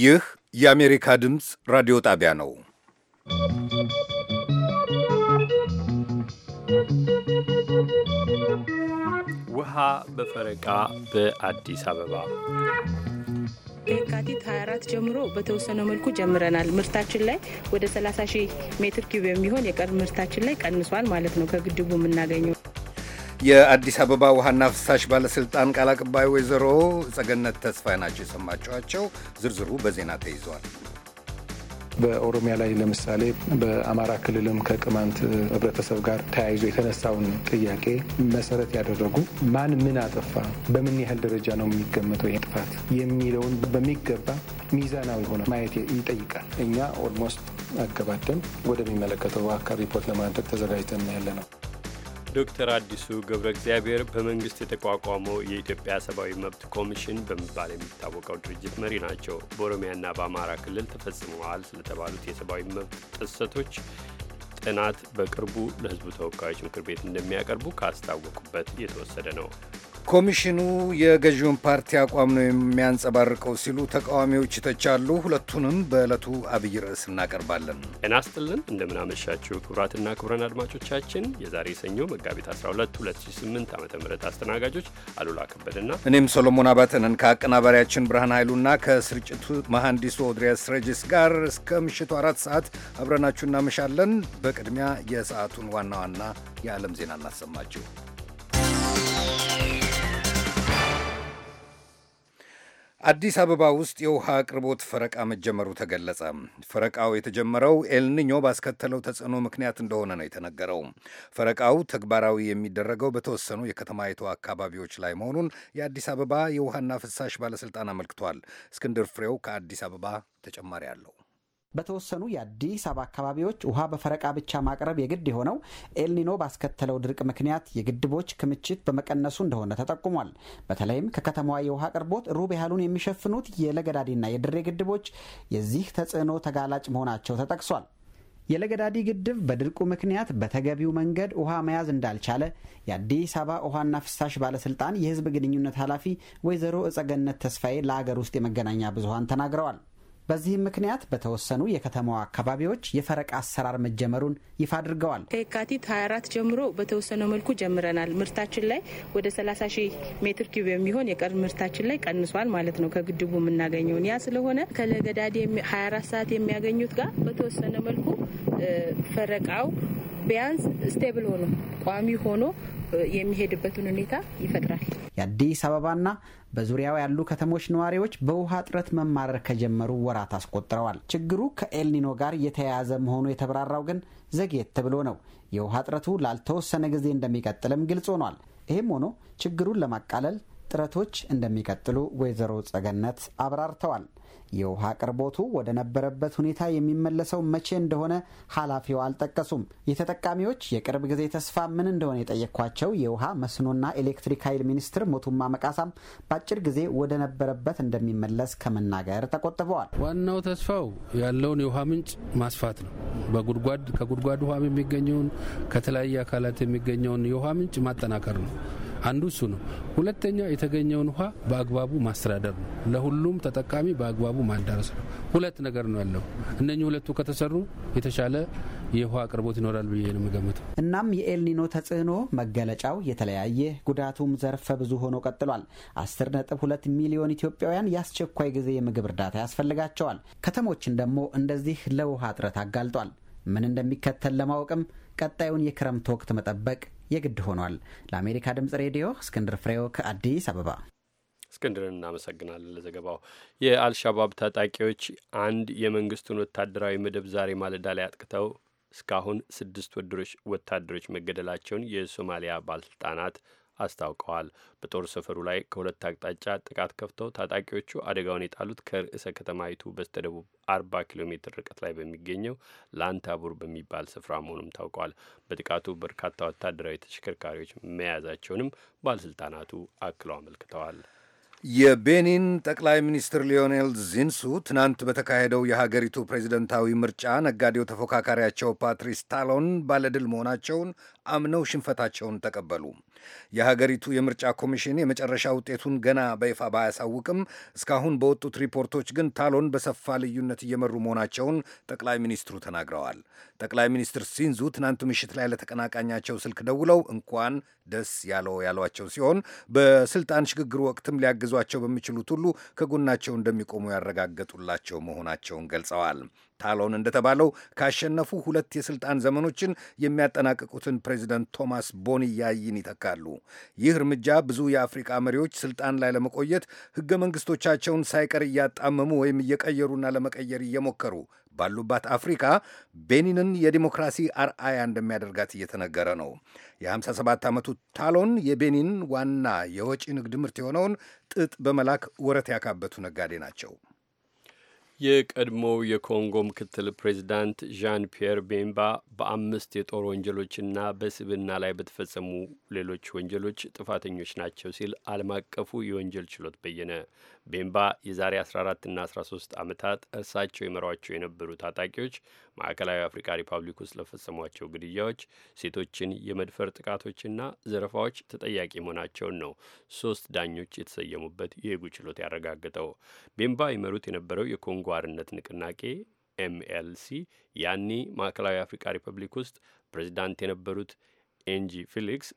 ይህ የአሜሪካ ድምፅ ራዲዮ ጣቢያ ነው። ውሃ በፈረቃ በአዲስ አበባ ከየካቲት 24 ጀምሮ በተወሰነ መልኩ ጀምረናል። ምርታችን ላይ ወደ 30 ሺህ ሜትር ኪዩብ የሚሆን የቀን ምርታችን ላይ ቀንሷል ማለት ነው ከግድቡ የምናገኘው የአዲስ አበባ ውሃና ፍሳሽ ባለስልጣን ቃል አቀባይ ወይዘሮ ጸገነት ተስፋዬ ናቸው የሰማችኋቸው። ዝርዝሩ በዜና ተይዘዋል። በኦሮሚያ ላይ ለምሳሌ በአማራ ክልልም ከቅማንት ህብረተሰብ ጋር ተያይዞ የተነሳውን ጥያቄ መሰረት ያደረጉ ማን ምን አጠፋ፣ በምን ያህል ደረጃ ነው የሚገመተው ይህ ጥፋት የሚለውን በሚገባ ሚዛናዊ ሆነ ማየት ይጠይቃል። እኛ ኦልሞስት አገባደን ወደሚመለከተው አካል ሪፖርት ለማድረግ ተዘጋጅተን ያለ ነው። ዶክተር አዲሱ ገብረ እግዚአብሔር በመንግስት የተቋቋመው የኢትዮጵያ ሰብአዊ መብት ኮሚሽን በመባል የሚታወቀው ድርጅት መሪ ናቸው። በኦሮሚያና በአማራ ክልል ተፈጽመዋል ስለተባሉት የሰብአዊ መብት ጥሰቶች ጥናት በቅርቡ ለሕዝቡ ተወካዮች ምክር ቤት እንደሚያቀርቡ ካስታወቁበት የተወሰደ ነው። ኮሚሽኑ የገዢውን ፓርቲ አቋም ነው የሚያንጸባርቀው ሲሉ ተቃዋሚዎች ይተቻሉ። ሁለቱንም በዕለቱ አብይ ርዕስ እናቀርባለን። ጤና ይስጥልን፣ እንደምናመሻችሁ ክቡራትና ክቡራን አድማጮቻችን የዛሬ ሰኞ መጋቢት 12 2008 ዓ ም አስተናጋጆች አሉላ ከበደና እኔም ሶሎሞን አባተንን ከአቀናባሪያችን ብርሃን ኃይሉና ከስርጭቱ መሐንዲሱ ኦድሪያስ ረጅስ ጋር እስከ ምሽቱ አራት ሰዓት አብረናችሁ እናመሻለን። በቅድሚያ የሰዓቱን ዋና ዋና የዓለም ዜና እናሰማችሁ። አዲስ አበባ ውስጥ የውሃ አቅርቦት ፈረቃ መጀመሩ ተገለጸ። ፈረቃው የተጀመረው ኤልኒኞ ባስከተለው ተጽዕኖ ምክንያት እንደሆነ ነው የተነገረው። ፈረቃው ተግባራዊ የሚደረገው በተወሰኑ የከተማይቱ አካባቢዎች ላይ መሆኑን የአዲስ አበባ የውሃና ፍሳሽ ባለስልጣን አመልክቷል። እስክንድር ፍሬው ከአዲስ አበባ ተጨማሪ አለው። በተወሰኑ የአዲስ አበባ አካባቢዎች ውሃ በፈረቃ ብቻ ማቅረብ የግድ የሆነው ኤልኒኖ ባስከተለው ድርቅ ምክንያት የግድቦች ክምችት በመቀነሱ እንደሆነ ተጠቁሟል። በተለይም ከከተማዋ የውሃ አቅርቦት ሩብ ያህሉን የሚሸፍኑት የለገዳዲና የድሬ ግድቦች የዚህ ተጽዕኖ ተጋላጭ መሆናቸው ተጠቅሷል። የለገዳዲ ግድብ በድርቁ ምክንያት በተገቢው መንገድ ውሃ መያዝ እንዳልቻለ የአዲስ አበባ ውሃና ፍሳሽ ባለስልጣን የህዝብ ግንኙነት ኃላፊ ወይዘሮ እጸገነት ተስፋዬ ለአገር ውስጥ የመገናኛ ብዙሀን ተናግረዋል። በዚህም ምክንያት በተወሰኑ የከተማዋ አካባቢዎች የፈረቃ አሰራር መጀመሩን ይፋ አድርገዋል። ከየካቲት 24 ጀምሮ በተወሰነ መልኩ ጀምረናል። ምርታችን ላይ ወደ 30 ሺህ ሜትር ኪዩብ የሚሆን የቀር ምርታችን ላይ ቀንሷል ማለት ነው። ከግድቡ የምናገኘውን ያ ስለሆነ ከለገዳዴ 24 ሰዓት የሚያገኙት ጋር በተወሰነ መልኩ ፈረቃው ቢያንስ ስቴብል ሆኖ ቋሚ ሆኖ የሚሄድበትን ሁኔታ ይፈጥራል። የአዲስ አበባና በዙሪያው ያሉ ከተሞች ነዋሪዎች በውሃ እጥረት መማረር ከጀመሩ ወራት አስቆጥረዋል። ችግሩ ከኤልኒኖ ጋር የተያያዘ መሆኑ የተብራራው ግን ዘግየት ተብሎ ነው። የውሃ እጥረቱ ላልተወሰነ ጊዜ እንደሚቀጥልም ግልጽ ሆኗል። ይህም ሆኖ ችግሩን ለማቃለል ጥረቶች እንደሚቀጥሉ ወይዘሮ ጸገነት አብራርተዋል። የውሃ አቅርቦቱ ወደ ነበረበት ሁኔታ የሚመለሰው መቼ እንደሆነ ኃላፊው አልጠቀሱም። የተጠቃሚዎች የቅርብ ጊዜ ተስፋ ምን እንደሆነ የጠየኳቸው የውሃ መስኖና ኤሌክትሪክ ኃይል ሚኒስትር ሞቱማ መቃሳም በአጭር ጊዜ ወደ ነበረበት እንደሚመለስ ከመናገር ተቆጥበዋል። ዋናው ተስፋው ያለውን የውሃ ምንጭ ማስፋት ነው። በጉድጓድ ከጉድጓድ ውሃ የሚገኘውን ከተለያየ አካላት የሚገኘውን የውሃ ምንጭ ማጠናከር ነው። አንዱ እሱ ነው። ሁለተኛው የተገኘውን ውሃ በአግባቡ ማስተዳደር ነው። ለሁሉም ተጠቃሚ በአግባቡ ማዳረስ ነው። ሁለት ነገር ነው ያለው። እነኚህ ሁለቱ ከተሰሩ የተሻለ የውሃ አቅርቦት ይኖራል ብዬ ነው የምገምተው። እናም የኤልኒኖ ተጽዕኖ መገለጫው የተለያየ ጉዳቱም ዘርፈ ብዙ ሆኖ ቀጥሏል። 10.2 ሚሊዮን ኢትዮጵያውያን የአስቸኳይ ጊዜ የምግብ እርዳታ ያስፈልጋቸዋል። ከተሞችን ደግሞ እንደዚህ ለውሃ እጥረት አጋልጧል። ምን እንደሚከተል ለማወቅም ቀጣዩን የክረምት ወቅት መጠበቅ የግድ ሆኗል። ለአሜሪካ ድምጽ ሬዲዮ እስክንድር ፍሬው ከአዲስ አበባ። እስክንድርን እናመሰግናለን ለዘገባው። የአልሻባብ ታጣቂዎች አንድ የመንግስቱን ወታደራዊ መደብ ዛሬ ማለዳ ላይ አጥቅተው እስካሁን ስድስት ወታደሮች መገደላቸውን የሶማሊያ ባለስልጣናት አስታውቀዋል። በጦር ሰፈሩ ላይ ከሁለት አቅጣጫ ጥቃት ከፍተው ታጣቂዎቹ አደጋውን የጣሉት ከርዕሰ ከተማይቱ በስተደቡብ አርባ ኪሎ ሜትር ርቀት ላይ በሚገኘው ላንታቡር በሚባል ስፍራ መሆኑም ታውቋል። በጥቃቱ በርካታ ወታደራዊ ተሽከርካሪዎች መያዛቸውንም ባለስልጣናቱ አክለው አመልክተዋል። የቤኒን ጠቅላይ ሚኒስትር ሊዮኔል ዚንሱ ትናንት በተካሄደው የሀገሪቱ ፕሬዚደንታዊ ምርጫ ነጋዴው ተፎካካሪያቸው ፓትሪስ ታሎን ባለድል መሆናቸውን አምነው ሽንፈታቸውን ተቀበሉ። የሀገሪቱ የምርጫ ኮሚሽን የመጨረሻ ውጤቱን ገና በይፋ ባያሳውቅም እስካሁን በወጡት ሪፖርቶች ግን ታሎን በሰፋ ልዩነት እየመሩ መሆናቸውን ጠቅላይ ሚኒስትሩ ተናግረዋል። ጠቅላይ ሚኒስትር ሲንዙ ትናንት ምሽት ላይ ለተቀናቃኛቸው ስልክ ደውለው እንኳን ደስ ያለው ያሏቸው ሲሆን በስልጣን ሽግግር ወቅትም ሊያግዟቸው በሚችሉት ሁሉ ከጎናቸው እንደሚቆሙ ያረጋገጡላቸው መሆናቸውን ገልጸዋል። ታሎን እንደተባለው ካሸነፉ ሁለት የስልጣን ዘመኖችን የሚያጠናቅቁትን ፕሬዚደንት ቶማስ ቦኒ ያይን ይተካሉ። ይህ እርምጃ ብዙ የአፍሪቃ መሪዎች ስልጣን ላይ ለመቆየት ህገ መንግስቶቻቸውን ሳይቀር እያጣመሙ ወይም እየቀየሩና ለመቀየር እየሞከሩ ባሉባት አፍሪካ ቤኒንን የዲሞክራሲ አርአያ እንደሚያደርጋት እየተነገረ ነው። የ57 ዓመቱ ታሎን የቤኒን ዋና የወጪ ንግድ ምርት የሆነውን ጥጥ በመላክ ወረት ያካበቱ ነጋዴ ናቸው። የቀድሞው የኮንጎ ምክትል ፕሬዚዳንት ዣን ፒየር ቤምባ በአምስት የጦር ወንጀሎችና በስብና ላይ በተፈጸሙ ሌሎች ወንጀሎች ጥፋተኞች ናቸው ሲል ዓለም አቀፉ የወንጀል ችሎት በየነ። ቤምባ የዛሬ 14 እና 13 ዓመታት እርሳቸው ይመሯቸው የነበሩ ታጣቂዎች ማዕከላዊ አፍሪካ ሪፐብሊክ ውስጥ ለፈጸሟቸው ግድያዎች፣ ሴቶችን የመድፈር ጥቃቶችና ዘረፋዎች ተጠያቂ መሆናቸውን ነው ሶስት ዳኞች የተሰየሙበት የሄጉ ችሎት ያረጋግጠው። ቤምባ ይመሩት የነበረው የኮንጎ አርነት ንቅናቄ ኤምኤልሲ ያኔ ማዕከላዊ አፍሪካ ሪፐብሊክ ውስጥ ፕሬዚዳንት የነበሩት ኤንጂ ፊሊክስ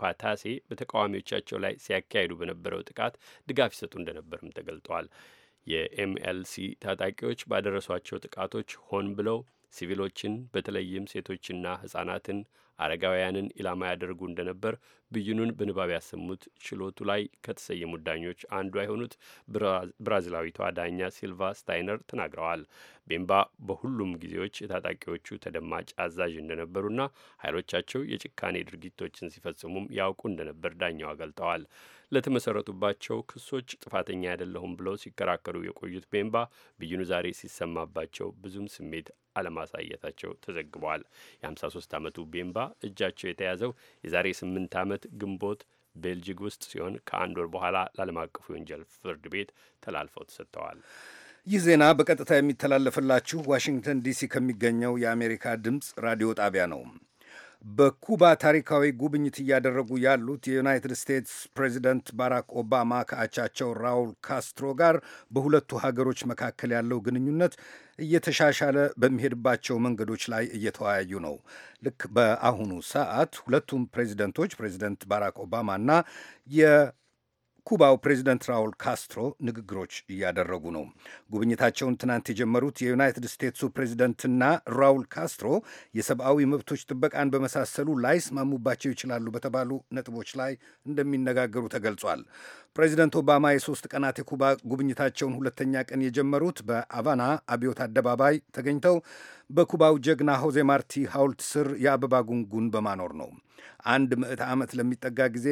ፓታሴ በተቃዋሚዎቻቸው ላይ ሲያካሂዱ በነበረው ጥቃት ድጋፍ ይሰጡ እንደነበርም ተገልጠዋል። የኤምኤልሲ ታጣቂዎች ባደረሷቸው ጥቃቶች ሆን ብለው ሲቪሎችን በተለይም ሴቶችና ህጻናትን አረጋውያንን ኢላማ ያደርጉ እንደነበር ብይኑን በንባብ ያሰሙት ችሎቱ ላይ ከተሰየሙት ዳኞች አንዷ የሆኑት ብራዚላዊቷ ዳኛ ሲልቫ ስታይነር ተናግረዋል። ቤምባ በሁሉም ጊዜዎች የታጣቂዎቹ ተደማጭ አዛዥ እንደነበሩና ኃይሎቻቸው የጭካኔ ድርጊቶችን ሲፈጽሙም ያውቁ እንደነበር ዳኛዋ ገልጠዋል። ለተመሰረቱባቸው ክሶች ጥፋተኛ አይደለሁም ብለው ሲከራከሩ የቆዩት ቤምባ ብይኑ ዛሬ ሲሰማባቸው ብዙም ስሜት አለማሳየታቸው ተዘግበዋል። የ53 ዓመቱ ቤምባ እጃቸው የተያዘው የዛሬ ስምንት ዓመት ግንቦት ቤልጅግ ውስጥ ሲሆን ከአንድ ወር በኋላ ለዓለም አቀፉ የወንጀል ፍርድ ቤት ተላልፈው ተሰጥተዋል። ይህ ዜና በቀጥታ የሚተላለፍላችሁ ዋሽንግተን ዲሲ ከሚገኘው የአሜሪካ ድምፅ ራዲዮ ጣቢያ ነው። በኩባ ታሪካዊ ጉብኝት እያደረጉ ያሉት የዩናይትድ ስቴትስ ፕሬዚደንት ባራክ ኦባማ ከአቻቸው ራውል ካስትሮ ጋር በሁለቱ ሀገሮች መካከል ያለው ግንኙነት እየተሻሻለ በሚሄድባቸው መንገዶች ላይ እየተወያዩ ነው። ልክ በአሁኑ ሰዓት ሁለቱም ፕሬዚደንቶች ፕሬዚደንት ባራክ የ ኩባው ፕሬዚደንት ራውል ካስትሮ ንግግሮች እያደረጉ ነው። ጉብኝታቸውን ትናንት የጀመሩት የዩናይትድ ስቴትሱ ፕሬዚደንትና ራውል ካስትሮ የሰብአዊ መብቶች ጥበቃን በመሳሰሉ ላይስማሙባቸው ይችላሉ በተባሉ ነጥቦች ላይ እንደሚነጋገሩ ተገልጿል። ፕሬዚደንት ኦባማ የሶስት ቀናት የኩባ ጉብኝታቸውን ሁለተኛ ቀን የጀመሩት በአቫና አብዮት አደባባይ ተገኝተው በኩባው ጀግና ሆዜ ማርቲ ሐውልት ስር የአበባ ጉንጉን በማኖር ነው። አንድ ምዕተ ዓመት ለሚጠጋ ጊዜ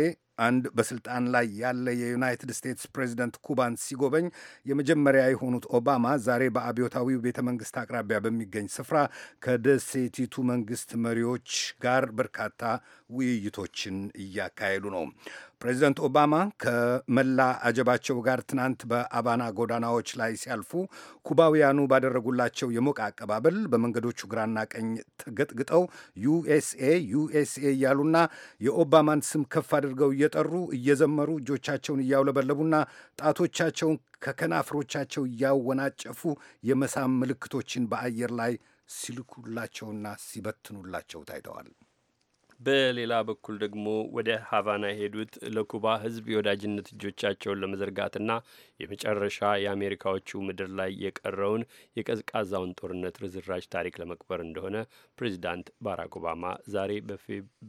አንድ በስልጣን ላይ ያለ የዩናይትድ ስቴትስ ፕሬዚደንት ኩባን ሲጎበኝ የመጀመሪያ የሆኑት ኦባማ ዛሬ በአብዮታዊው ቤተ መንግስት አቅራቢያ በሚገኝ ስፍራ ከደሴቲቱ መንግስት መሪዎች ጋር በርካታ ውይይቶችን እያካሄዱ ነው። ፕሬዚደንት ኦባማ ከመላ አጀባቸው ጋር ትናንት በአባና ጎዳናዎች ላይ ሲያልፉ ኩባውያኑ ባደረጉላቸው የሞቀ አቀባበል በመንገዶቹ ግራና ቀኝ ተገጥግጠው ዩኤስኤ ዩኤስኤ እያሉና የኦባማን ስም ከፍ አድርገው እየጠሩ እየዘመሩ እጆቻቸውን እያውለበለቡና ጣቶቻቸውን ከከናፍሮቻቸው እያወናጨፉ የመሳም ምልክቶችን በአየር ላይ ሲልኩላቸውና ሲበትኑላቸው ታይተዋል። በሌላ በኩል ደግሞ ወደ ሀቫና የሄዱት ለኩባ ሕዝብ የወዳጅነት እጆቻቸውን ለመዘርጋትና የመጨረሻ የአሜሪካዎቹ ምድር ላይ የቀረውን የቀዝቃዛውን ጦርነት ርዝራጅ ታሪክ ለመቅበር እንደሆነ ፕሬዚዳንት ባራክ ኦባማ ዛሬ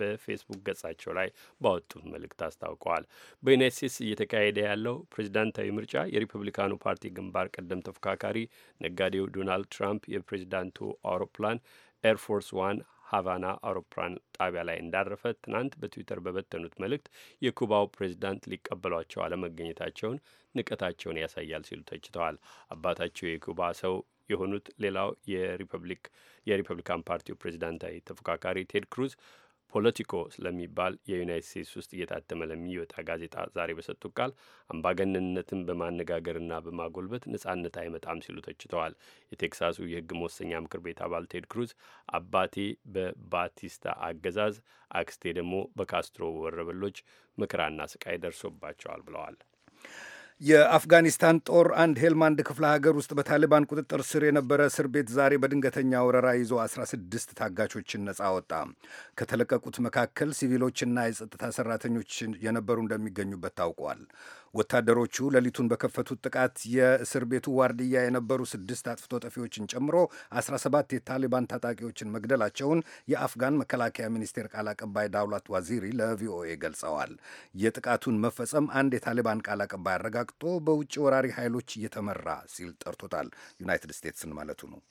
በፌስቡክ ገጻቸው ላይ ባወጡት መልእክት አስታውቀዋል። በዩናይት ስቴትስ እየተካሄደ ያለው ፕሬዚዳንታዊ ምርጫ የሪፐብሊካኑ ፓርቲ ግንባር ቀደም ተፎካካሪ ነጋዴው ዶናልድ ትራምፕ የፕሬዚዳንቱ አውሮፕላን ኤርፎርስ ዋን ሀቫና አውሮፕላን ጣቢያ ላይ እንዳረፈ ትናንት በትዊተር በበተኑት መልእክት የኩባው ፕሬዚዳንት ሊቀበሏቸው አለመገኘታቸውን ንቀታቸውን ያሳያል ሲሉ ተችተዋል። አባታቸው የኩባ ሰው የሆኑት ሌላው የሪፐብሊካን ፓርቲው ፕሬዚዳንታዊ ተፎካካሪ ቴድ ክሩዝ ፖለቲኮ ስለሚባል የዩናይት ስቴትስ ውስጥ እየታተመ ለሚወጣ ጋዜጣ ዛሬ በሰጡት ቃል አምባገነንነትን በማነጋገርና በማጎልበት ነጻነት አይመጣም ሲሉ ተችተዋል። የቴክሳሱ የህግ መወሰኛ ምክር ቤት አባል ቴድ ክሩዝ አባቴ በባቲስታ አገዛዝ፣ አክስቴ ደግሞ በካስትሮ ወረበሎች መከራና ስቃይ ደርሶባቸዋል ብለዋል። የአፍጋኒስታን ጦር አንድ ሄልማንድ ክፍለ ሀገር ውስጥ በታሊባን ቁጥጥር ስር የነበረ እስር ቤት ዛሬ በድንገተኛ ወረራ ይዞ 16 ታጋቾችን ነጻ አወጣ። ከተለቀቁት መካከል ሲቪሎችና የጸጥታ ሰራተኞች የነበሩ እንደሚገኙበት ታውቋል። ወታደሮቹ ሌሊቱን በከፈቱት ጥቃት የእስር ቤቱ ዋርድያ የነበሩ ስድስት አጥፍቶ ጠፊዎችን ጨምሮ 17 የታሊባን ታጣቂዎችን መግደላቸውን የአፍጋን መከላከያ ሚኒስቴር ቃል አቀባይ ዳውላት ዋዚሪ ለቪኦኤ ገልጸዋል። የጥቃቱን መፈጸም አንድ የታሊባን ቃል አቀባይ አረጋግጦ በውጭ ወራሪ ኃይሎች እየተመራ ሲል ጠርቶታል። ዩናይትድ ስቴትስን ማለቱ ነው።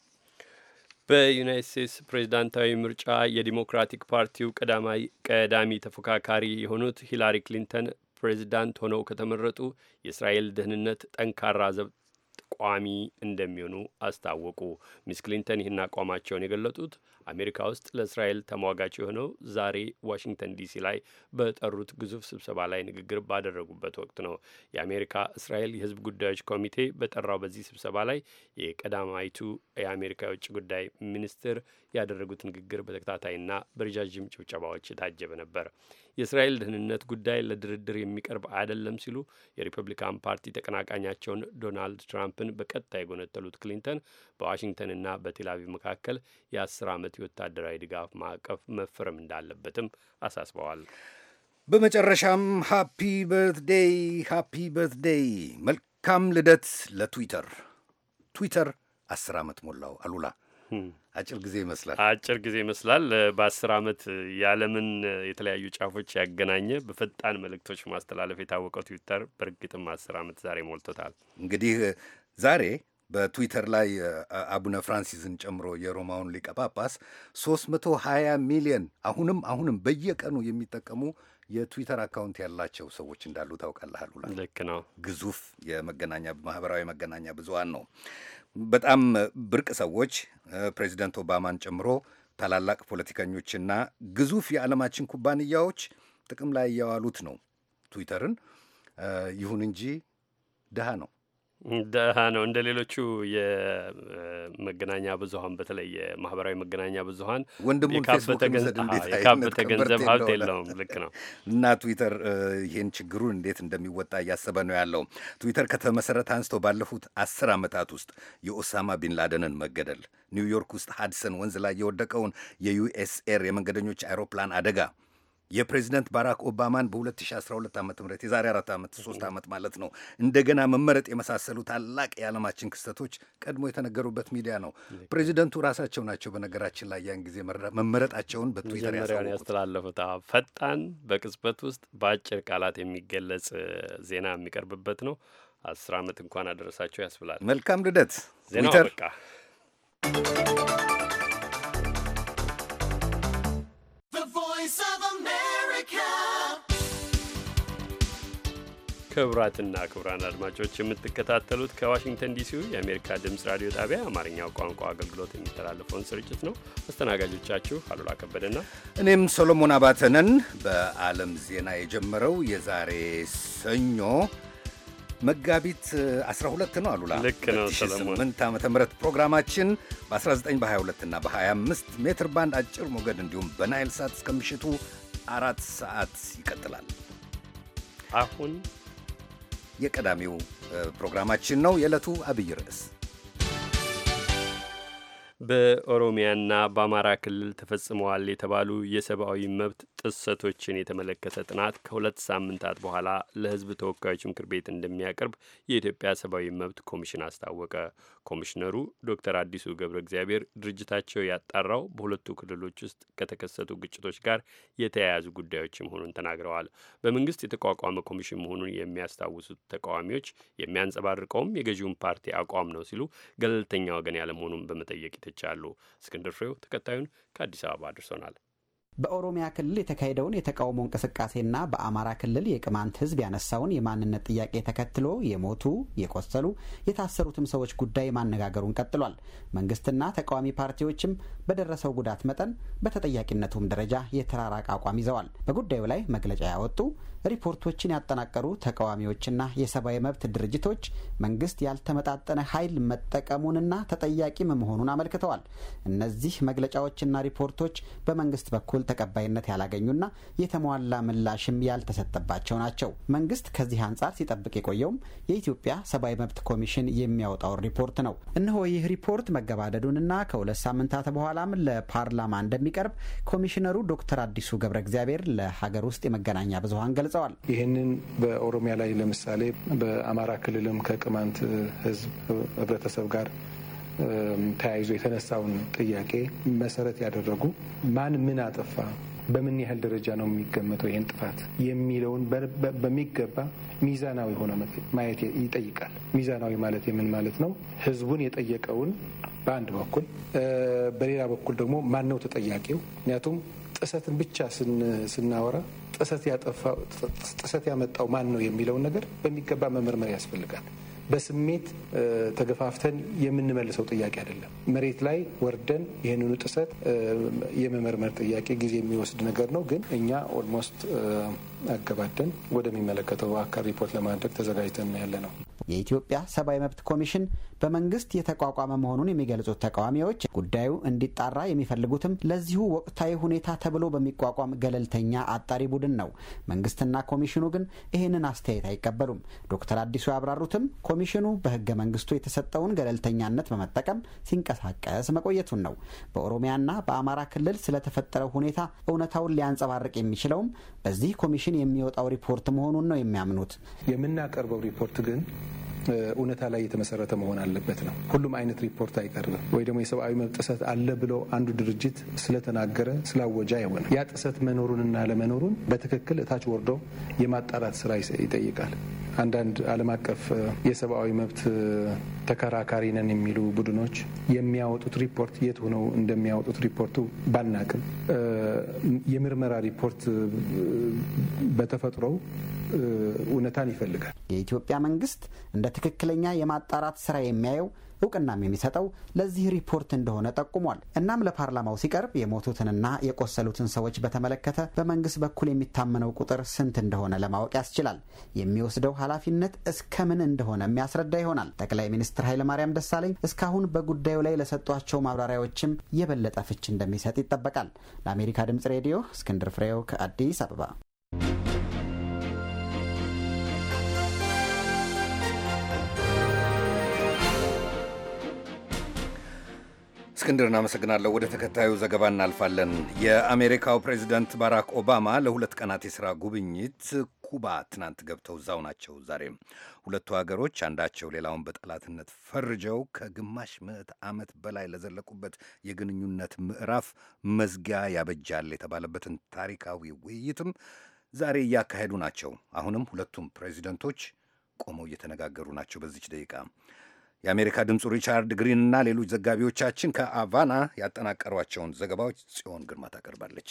በዩናይት ስቴትስ ፕሬዚዳንታዊ ምርጫ የዲሞክራቲክ ፓርቲው ቀዳሚ ተፎካካሪ የሆኑት ሂላሪ ክሊንተን ፕሬዚዳንት ሆነው ከተመረጡ የእስራኤል ደህንነት ጠንካራ ዘብጥ ቋሚ እንደሚሆኑ አስታወቁ። ሚስ ክሊንተን ይህን አቋማቸውን የገለጡት አሜሪካ ውስጥ ለእስራኤል ተሟጋች የሆነው ዛሬ ዋሽንግተን ዲሲ ላይ በጠሩት ግዙፍ ስብሰባ ላይ ንግግር ባደረጉበት ወቅት ነው። የአሜሪካ እስራኤል የሕዝብ ጉዳዮች ኮሚቴ በጠራው በዚህ ስብሰባ ላይ የቀዳማይቱ የአሜሪካ የውጭ ጉዳይ ሚኒስትር ያደረጉት ንግግር በተከታታይና በረጃጅም ጭብጨባዎች የታጀበ ነበር። የእስራኤል ደህንነት ጉዳይ ለድርድር የሚቀርብ አይደለም ሲሉ የሪፐብሊካን ፓርቲ ተቀናቃኛቸውን ዶናልድ ትራምፕን በቀጥታ የጎነተሉት ክሊንተን በዋሽንግተንና በቴላቪቭ መካከል የአስር ዓመት የወታደራዊ ድጋፍ ማዕቀፍ መፈረም እንዳለበትም አሳስበዋል። በመጨረሻም ሃፒ በርትዴይ ሃፒ በርትዴይ፣ መልካም ልደት ለትዊተር። ትዊተር አስር ዓመት ሞላው አሉላ አጭር ጊዜ ይመስላል። አጭር ጊዜ ይመስላል። በአስር ዓመት የዓለምን የተለያዩ ጫፎች ያገናኘ በፈጣን መልእክቶች ማስተላለፍ የታወቀው ትዊተር በእርግጥም አስር ዓመት ዛሬ ሞልቶታል። እንግዲህ ዛሬ በትዊተር ላይ አቡነ ፍራንሲስን ጨምሮ የሮማውን ሊቀ ጳጳስ 320 ሚሊዮን አሁንም አሁንም በየቀኑ የሚጠቀሙ የትዊተር አካውንት ያላቸው ሰዎች እንዳሉ ታውቃለህ አሉላ። ልክ ነው። ግዙፍ የመገናኛ ማህበራዊ መገናኛ ብዙሃን ነው። በጣም ብርቅ ሰዎች ፕሬዚደንት ኦባማን ጨምሮ ታላላቅ ፖለቲከኞችና ግዙፍ የዓለማችን ኩባንያዎች ጥቅም ላይ እያዋሉት ነው ትዊተርን። ይሁን እንጂ ድሃ ነው ደህና ነው። እንደ ሌሎቹ የመገናኛ ብዙሀን በተለይ የማህበራዊ መገናኛ ብዙሀን ወንድሙን ገንዘብ ሀብት የለውም። ልክ ነው። እና ትዊተር ይህን ችግሩን እንዴት እንደሚወጣ እያሰበ ነው ያለው። ትዊተር ከተመሰረተ አንስቶ ባለፉት አስር ዓመታት ውስጥ የኦሳማ ቢንላደንን መገደል፣ ኒውዮርክ ውስጥ ሀድሰን ወንዝ ላይ የወደቀውን የዩኤስ ኤር የመንገደኞች አይሮፕላን አደጋ የፕሬዚደንት ባራክ ኦባማን በ2012 ዓ ም የዛሬ አራት ዓመት ሶስት ዓመት ማለት ነው እንደገና መመረጥ የመሳሰሉ ታላቅ የዓለማችን ክስተቶች ቀድሞ የተነገሩበት ሚዲያ ነው። ፕሬዚደንቱ ራሳቸው ናቸው በነገራችን ላይ ያን ጊዜ መመረጣቸውን በትዊተር ያስተላለፉት። ፈጣን፣ በቅጽበት ውስጥ በአጭር ቃላት የሚገለጽ ዜና የሚቀርብበት ነው። አስር ዓመት እንኳን አደረሳቸው ያስብላል። መልካም ልደት ትዊተር። ክቡራትና ክቡራን አድማጮች የምትከታተሉት ከዋሽንግተን ዲሲው የአሜሪካ ድምፅ ራዲዮ ጣቢያ አማርኛው ቋንቋ አገልግሎት የሚተላለፈውን ስርጭት ነው። አስተናጋጆቻችሁ አሉላ ከበደና እኔም ሶሎሞን አባተነን። በዓለም ዜና የጀመረው የዛሬ ሰኞ መጋቢት 12 ነው። አሉላ ልክ ነው ሰለሞን። 8 ዓመተ ፕሮግራማችን በ19 በ22 እና በ25 ሜትር ባንድ አጭር ሞገድ እንዲሁም በናይል ሳት እስከ ምሽቱ አራት ሰዓት ይቀጥላል። አሁን የቀዳሚው ፕሮግራማችን ነው። የዕለቱ አብይ ርዕስ በኦሮሚያና በአማራ ክልል ተፈጽመዋል የተባሉ የሰብአዊ መብት ጥሰቶችን የተመለከተ ጥናት ከሁለት ሳምንታት በኋላ ለሕዝብ ተወካዮች ምክር ቤት እንደሚያቀርብ የኢትዮጵያ ሰብአዊ መብት ኮሚሽን አስታወቀ። ኮሚሽነሩ ዶክተር አዲሱ ገብረ እግዚአብሔር ድርጅታቸው ያጣራው በሁለቱ ክልሎች ውስጥ ከተከሰቱ ግጭቶች ጋር የተያያዙ ጉዳዮች መሆኑን ተናግረዋል። በመንግስት የተቋቋመ ኮሚሽን መሆኑን የሚያስታውሱት ተቃዋሚዎች የሚያንጸባርቀውም የገዢውን ፓርቲ አቋም ነው ሲሉ ገለልተኛ ወገን ያለመሆኑን በመጠየቅ ይተቻሉ። እስክንድር ፍሬው ተከታዩን ከአዲስ አበባ አድርሶናል። በኦሮሚያ ክልል የተካሄደውን የተቃውሞ እንቅስቃሴና በአማራ ክልል የቅማንት ሕዝብ ያነሳውን የማንነት ጥያቄ ተከትሎ የሞቱ የቆሰሉ፣ የታሰሩትም ሰዎች ጉዳይ ማነጋገሩን ቀጥሏል። መንግስትና ተቃዋሚ ፓርቲዎችም በደረሰው ጉዳት መጠን በተጠያቂነቱም ደረጃ የተራራቀ አቋም ይዘዋል። በጉዳዩ ላይ መግለጫ ያወጡ ሪፖርቶችን ያጠናቀሩ ተቃዋሚዎችና የሰብአዊ መብት ድርጅቶች መንግስት ያልተመጣጠነ ኃይል መጠቀሙንና ተጠያቂም መሆኑን አመልክተዋል። እነዚህ መግለጫዎችና ሪፖርቶች በመንግስት በኩል ተቀባይነት ያላገኙና የተሟላ ምላሽም ያልተሰጠባቸው ናቸው። መንግስት ከዚህ አንጻር ሲጠብቅ የቆየውም የኢትዮጵያ ሰብአዊ መብት ኮሚሽን የሚያወጣውን ሪፖርት ነው። እነሆ ይህ ሪፖርት መገባደዱንና ከሁለት ሳምንታት በኋላም ለፓርላማ እንደሚቀርብ ኮሚሽነሩ ዶክተር አዲሱ ገብረ እግዚአብሔር ለሀገር ውስጥ የመገናኛ ብዙሀን ገልጸዋል። ገልጸዋል። ይህንን በኦሮሚያ ላይ ለምሳሌ በአማራ ክልልም ከቅማንት ህዝብ ህብረተሰብ ጋር ተያይዞ የተነሳውን ጥያቄ መሰረት ያደረጉ ማን ምን አጠፋ፣ በምን ያህል ደረጃ ነው የሚገመተው ይህን ጥፋት የሚለውን በሚገባ ሚዛናዊ ሆነ ማየት ይጠይቃል። ሚዛናዊ ማለት የምን ማለት ነው? ህዝቡን የጠየቀውን በአንድ በኩል በሌላ በኩል ደግሞ ማን ነው ተጠያቂው? ምክንያቱም ጥሰትን ብቻ ስናወራ ጥሰት ያመጣው ማን ነው የሚለውን ነገር በሚገባ መመርመር ያስፈልጋል። በስሜት ተገፋፍተን የምንመልሰው ጥያቄ አይደለም። መሬት ላይ ወርደን ይህንኑ ጥሰት የመመርመር ጥያቄ ጊዜ የሚወስድ ነገር ነው። ግን እኛ ኦልሞስት አገባደን ወደሚመለከተው አካል ሪፖርት ለማድረግ ተዘጋጅተን ያለ ነው። የኢትዮጵያ ሰብአዊ መብት ኮሚሽን በመንግስት የተቋቋመ መሆኑን የሚገልጹት ተቃዋሚዎች ጉዳዩ እንዲጣራ የሚፈልጉትም ለዚሁ ወቅታዊ ሁኔታ ተብሎ በሚቋቋም ገለልተኛ አጣሪ ቡድን ነው። መንግስትና ኮሚሽኑ ግን ይህንን አስተያየት አይቀበሉም። ዶክተር አዲሱ ያብራሩትም ኮሚሽኑ በህገ መንግስቱ የተሰጠውን ገለልተኛነት በመጠቀም ሲንቀሳቀስ መቆየቱን ነው። በኦሮሚያና በአማራ ክልል ስለተፈጠረው ሁኔታ እውነታውን ሊያንጸባርቅ የሚችለውም በዚህ ኮሚሽን ከኮሚሽን የሚወጣው ሪፖርት መሆኑን ነው የሚያምኑት። የምናቀርበው ሪፖርት ግን እውነታ ላይ የተመሰረተ መሆን አለበት ነው። ሁሉም አይነት ሪፖርት አይቀርብም። ወይ ደግሞ የሰብአዊ መብት ጥሰት አለ ብለው አንዱ ድርጅት ስለተናገረ ስላወጃ የሆነ ያ ጥሰት መኖሩንና ለመኖሩን በትክክል እታች ወርዶ የማጣራት ስራ ይጠይቃል። አንዳንድ ዓለም አቀፍ የሰብአዊ መብት ተከራካሪ ነን የሚሉ ቡድኖች የሚያወጡት ሪፖርት የት ሆነው እንደሚያወጡት ሪፖርቱ ባናቅም የምርመራ ሪፖርት በተፈጥሮው እውነታን ይፈልጋል። የኢትዮጵያ መንግስት እንደ ትክክለኛ የማጣራት ስራ የሚያየው እውቅናም የሚሰጠው ለዚህ ሪፖርት እንደሆነ ጠቁሟል። እናም ለፓርላማው ሲቀርብ የሞቱትንና የቆሰሉትን ሰዎች በተመለከተ በመንግስት በኩል የሚታመነው ቁጥር ስንት እንደሆነ ለማወቅ ያስችላል። የሚወስደው ኃላፊነት እስከምን እንደሆነ የሚያስረዳ ይሆናል። ጠቅላይ ሚኒስትር ኃይለማርያም ደሳለኝ እስካሁን በጉዳዩ ላይ ለሰጧቸው ማብራሪያዎችም የበለጠ ፍች እንደሚሰጥ ይጠበቃል። ለአሜሪካ ድምጽ ሬዲዮ እስክንድር ፍሬው ከአዲስ አበባ እስክንድር እናመሰግናለሁ። ወደ ተከታዩ ዘገባ እናልፋለን። የአሜሪካው ፕሬዚደንት ባራክ ኦባማ ለሁለት ቀናት የሥራ ጉብኝት ኩባ ትናንት ገብተው እዛው ናቸው። ዛሬም ሁለቱ ሀገሮች አንዳቸው ሌላውን በጠላትነት ፈርጀው ከግማሽ ምዕት ዓመት በላይ ለዘለቁበት የግንኙነት ምዕራፍ መዝጊያ ያበጃል የተባለበትን ታሪካዊ ውይይትም ዛሬ እያካሄዱ ናቸው። አሁንም ሁለቱም ፕሬዚደንቶች ቆመው እየተነጋገሩ ናቸው። በዚች ደቂቃ የአሜሪካ ድምፁ ሪቻርድ ግሪን እና ሌሎች ዘጋቢዎቻችን ከአቫና ያጠናቀሯቸውን ዘገባዎች ጽዮን ግርማ ታቀርባለች።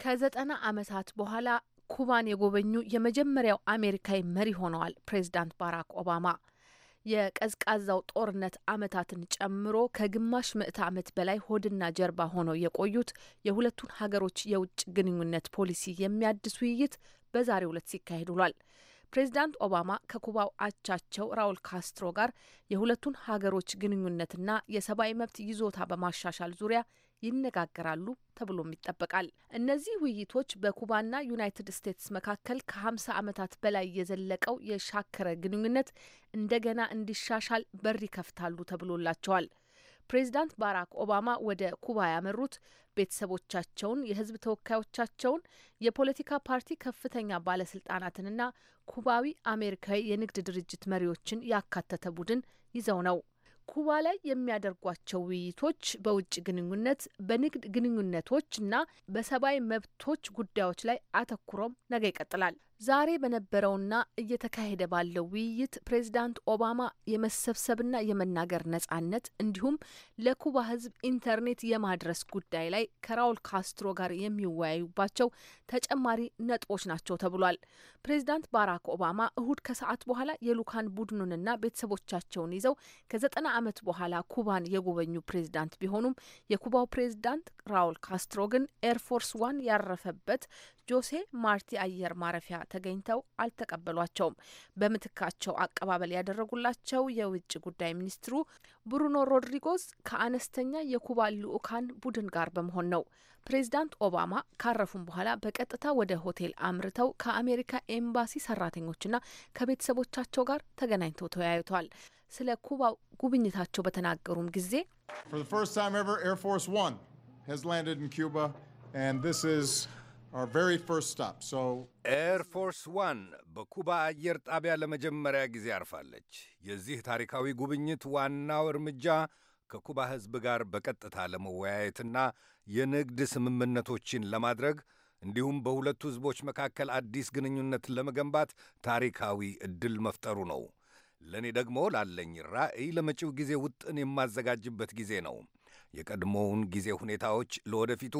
ከዘጠና ዓመታት በኋላ ኩባን የጎበኙ የመጀመሪያው አሜሪካዊ መሪ ሆነዋል ፕሬዚዳንት ባራክ ኦባማ። የቀዝቃዛው ጦርነት ዓመታትን ጨምሮ ከግማሽ ምዕተ ዓመት በላይ ሆድና ጀርባ ሆነው የቆዩት የሁለቱን ሀገሮች የውጭ ግንኙነት ፖሊሲ የሚያድስ ውይይት በዛሬው ዕለት ሲካሄድ ውሏል። ፕሬዚዳንት ኦባማ ከኩባው አቻቸው ራውል ካስትሮ ጋር የሁለቱን ሀገሮች ግንኙነትና የሰብአዊ መብት ይዞታ በማሻሻል ዙሪያ ይነጋገራሉ ተብሎም ይጠበቃል። እነዚህ ውይይቶች በኩባና ዩናይትድ ስቴትስ መካከል ከ50 ዓመታት በላይ የዘለቀው የሻከረ ግንኙነት እንደገና እንዲሻሻል በር ይከፍታሉ ተብሎላቸዋል። ፕሬዚዳንት ባራክ ኦባማ ወደ ኩባ ያመሩት ቤተሰቦቻቸውን፣ የህዝብ ተወካዮቻቸውን፣ የፖለቲካ ፓርቲ ከፍተኛ ባለስልጣናትንና ኩባዊ አሜሪካዊ የንግድ ድርጅት መሪዎችን ያካተተ ቡድን ይዘው ነው። ኩባ ላይ የሚያደርጓቸው ውይይቶች በውጭ ግንኙነት፣ በንግድ ግንኙነቶች እና በሰብአዊ መብቶች ጉዳዮች ላይ አተኩሮም ነገ ይቀጥላል። ዛሬ በነበረውና እየተካሄደ ባለው ውይይት ፕሬዚዳንት ኦባማ የመሰብሰብና የመናገር ነጻነት እንዲሁም ለኩባ ሕዝብ ኢንተርኔት የማድረስ ጉዳይ ላይ ከራውል ካስትሮ ጋር የሚወያዩባቸው ተጨማሪ ነጥቦች ናቸው ተብሏል። ፕሬዚዳንት ባራክ ኦባማ እሁድ ከሰዓት በኋላ የልኡካን ቡድኑንና ቤተሰቦቻቸውን ይዘው ከዘጠና ዓመት በኋላ ኩባን የጎበኙ ፕሬዚዳንት ቢሆኑም የኩባው ፕሬዚዳንት ራውል ካስትሮ ግን ኤርፎርስ ዋን ያረፈበት ጆሴ ማርቲ አየር ማረፊያ ተገኝተው አልተቀበሏቸውም። በምትካቸው አቀባበል ያደረጉላቸው የውጭ ጉዳይ ሚኒስትሩ ብሩኖ ሮድሪጎስ ከአነስተኛ የኩባ ልኡካን ቡድን ጋር በመሆን ነው። ፕሬዚዳንት ኦባማ ካረፉም በኋላ በቀጥታ ወደ ሆቴል አምርተው ከአሜሪካ ኤምባሲ ሰራተኞችና ከቤተሰቦቻቸው ጋር ተገናኝተው ተወያይቷል። ስለ ኩባው ጉብኝታቸው በተናገሩም ጊዜ ኤርፎርስ the first time ኤርፎርስ ዋን በኩባ አየር ጣቢያ ለመጀመሪያ ጊዜ አርፋለች። የዚህ ታሪካዊ ጉብኝት ዋናው እርምጃ ከኩባ ሕዝብ ጋር በቀጥታ ለመወያየትና የንግድ ስምምነቶችን ለማድረግ እንዲሁም በሁለቱ ሕዝቦች መካከል አዲስ ግንኙነት ለመገንባት ታሪካዊ ዕድል መፍጠሩ ነው። ለእኔ ደግሞ ላለኝ ራዕይ ለመጪው ጊዜ ውጥን የማዘጋጅበት ጊዜ ነው። የቀድሞውን ጊዜ ሁኔታዎች ለወደፊቱ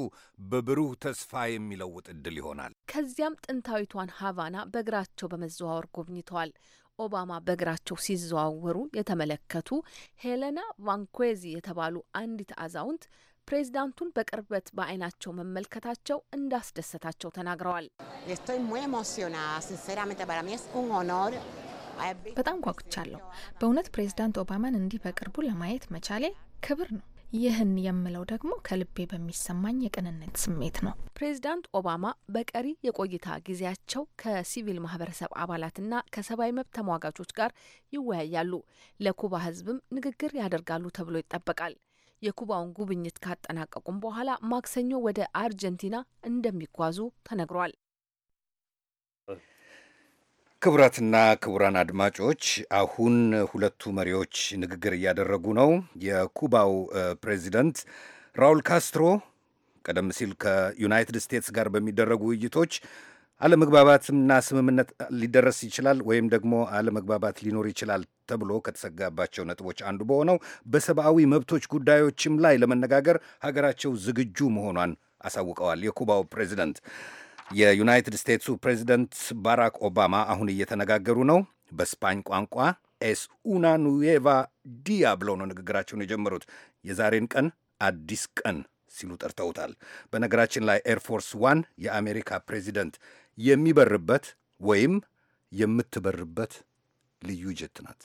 በብሩህ ተስፋ የሚለውጥ እድል ይሆናል። ከዚያም ጥንታዊቷን ሀቫና በእግራቸው በመዘዋወር ጎብኝተዋል። ኦባማ በእግራቸው ሲዘዋወሩ የተመለከቱ ሄለና ቫንኩዚ የተባሉ አንዲት አዛውንት ፕሬዚዳንቱን በቅርበት በአይናቸው መመልከታቸው እንዳስደሰታቸው ተናግረዋል። በጣም ጓጉቻለሁ። በእውነት ፕሬዚዳንት ኦባማን እንዲህ በቅርቡ ለማየት መቻሌ ክብር ነው። ይህን የምለው ደግሞ ከልቤ በሚሰማኝ የቅንነት ስሜት ነው። ፕሬዚዳንት ኦባማ በቀሪ የቆይታ ጊዜያቸው ከሲቪል ማህበረሰብ አባላትና ከሰብአዊ መብት ተሟጋቾች ጋር ይወያያሉ፣ ለኩባ ህዝብም ንግግር ያደርጋሉ ተብሎ ይጠበቃል። የኩባውን ጉብኝት ካጠናቀቁም በኋላ ማክሰኞ ወደ አርጀንቲና እንደሚጓዙ ተነግሯል። ክቡራትና ክቡራን አድማጮች አሁን ሁለቱ መሪዎች ንግግር እያደረጉ ነው። የኩባው ፕሬዚደንት ራውል ካስትሮ ቀደም ሲል ከዩናይትድ ስቴትስ ጋር በሚደረጉ ውይይቶች አለመግባባትና ስምምነት ሊደረስ ይችላል ወይም ደግሞ አለመግባባት ሊኖር ይችላል ተብሎ ከተሰጋባቸው ነጥቦች አንዱ በሆነው በሰብአዊ መብቶች ጉዳዮችም ላይ ለመነጋገር ሀገራቸው ዝግጁ መሆኗን አሳውቀዋል የኩባው ፕሬዚደንት። የዩናይትድ ስቴትሱ ፕሬዚደንት ባራክ ኦባማ አሁን እየተነጋገሩ ነው። በስፓኝ ቋንቋ ኤስ ኡና ኑዌቫ ዲያ ብለው ነው ንግግራቸውን የጀመሩት። የዛሬን ቀን አዲስ ቀን ሲሉ ጠርተውታል። በነገራችን ላይ ኤርፎርስ ዋን የአሜሪካ ፕሬዚደንት የሚበርበት ወይም የምትበርበት ልዩ ጀት ናት።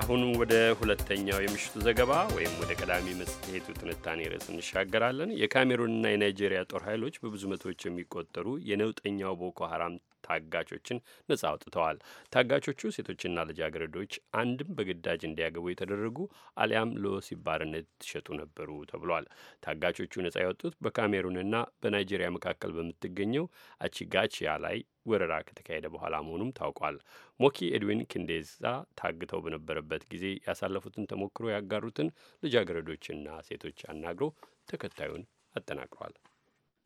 አሁን ወደ ሁለተኛው የምሽቱ ዘገባ ወይም ወደ ቀዳሚ መጽሔቱ ትንታኔ ርዕስ እንሻገራለን። የካሜሩንና የናይጄሪያ ጦር ኃይሎች በብዙ መቶዎች የሚቆጠሩ የነውጠኛው ቦኮ ሀራም ታጋቾችን ነጻ አውጥተዋል። ታጋቾቹ ሴቶችና ልጃገረዶች አንድም በግዳጅ እንዲያገቡ የተደረጉ አሊያም ለወሲብ ባርነት ትሸጡ ነበሩ ተብሏል። ታጋቾቹ ነጻ የወጡት በካሜሩንና በናይጄሪያ መካከል በምትገኘው አቺጋቺያ ላይ ወረራ ከተካሄደ በኋላ መሆኑም ታውቋል። ሞኪ ኤድዊን ክንዴዛ ታግተው በነበረበት ጊዜ ያሳለፉትን ተሞክሮ ያጋሩትን ልጃገረዶችና ሴቶች አናግሮ ተከታዩን አጠናቅሯል።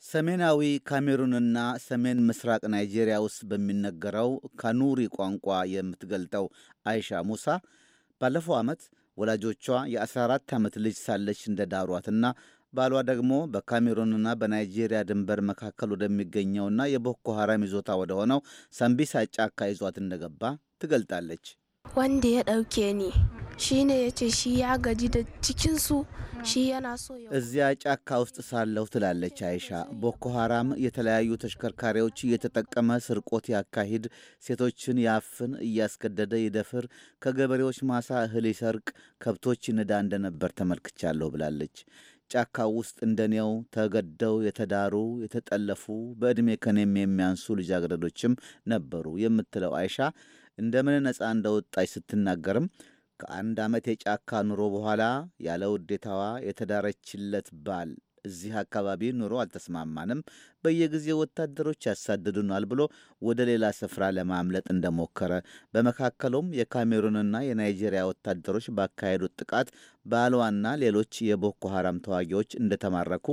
ሰሜናዊ ካሜሩንና ሰሜን ምስራቅ ናይጄሪያ ውስጥ በሚነገረው ከኑሪ ቋንቋ የምትገልጠው አይሻ ሙሳ ባለፈው ዓመት ወላጆቿ የ14 ዓመት ልጅ ሳለች እንደ ዳሯትና ባሏ ደግሞ በካሜሩንና በናይጄሪያ ድንበር መካከል ወደሚገኘውና የቦኮ ሐራም ይዞታ ወደ ሆነው ሳምቢሳ ጫካ ይዟት እንደገባ ትገልጣለች። wanda ya ɗauke ni ne ya ce shi ya gaji da cikinsu shi yana so እዚያ ጫካ ውስጥ ሳለሁ ትላለች አይሻ። ቦኮ ሐራም የተለያዩ ተሽከርካሪዎች እየተጠቀመ ስርቆት ያካሂድ፣ ሴቶችን ያፍን፣ እያስገደደ ይደፍር፣ ከገበሬዎች ማሳ እህል ይሰርቅ፣ ከብቶች ይንዳ እንደነበር ተመልክቻለሁ ብላለች። ጫካ ውስጥ እንደኔው ተገደው የተዳሩ የተጠለፉ፣ በዕድሜ ከኔም የሚያንሱ ልጃገረዶችም ነበሩ የምትለው አይሻ እንደምን ነፃ እንደወጣች ስትናገርም ከአንድ ዓመት የጫካ ኑሮ በኋላ ያለ ውዴታዋ የተዳረችለት ባል እዚህ አካባቢ ኑሮ አልተስማማንም፣ በየጊዜው ወታደሮች ያሳድዱናል ብሎ ወደ ሌላ ስፍራ ለማምለጥ እንደሞከረ በመካከሉም የካሜሩንና የናይጄሪያ ወታደሮች ባካሄዱት ጥቃት ባሏና ሌሎች የቦኮ ሐራም ተዋጊዎች እንደተማረኩ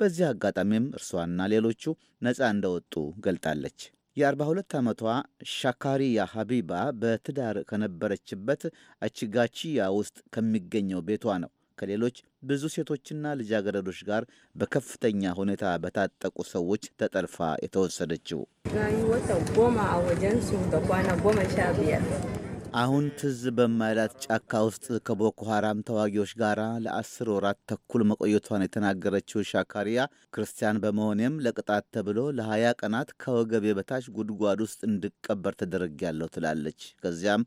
በዚህ አጋጣሚም እርሷና ሌሎቹ ነፃ እንደወጡ ገልጣለች። የ42 ዓመቷ ሻካሪያ ሀቢባ በትዳር ከነበረችበት አቺጋቺያ ውስጥ ከሚገኘው ቤቷ ነው ከሌሎች ብዙ ሴቶችና ልጃገረዶች ጋር በከፍተኛ ሁኔታ በታጠቁ ሰዎች ተጠልፋ የተወሰደችው። አሁን ትዝ በማይላት ጫካ ውስጥ ከቦኮ ሐራም ተዋጊዎች ጋር ለአስር ወራት ተኩል መቆየቷን የተናገረችው ሻካሪያ ክርስቲያን በመሆኔም ለቅጣት ተብሎ ለሀያ ቀናት ከወገቤ በታች ጉድጓድ ውስጥ እንድቀበር ያለው ትላለች። ከዚያም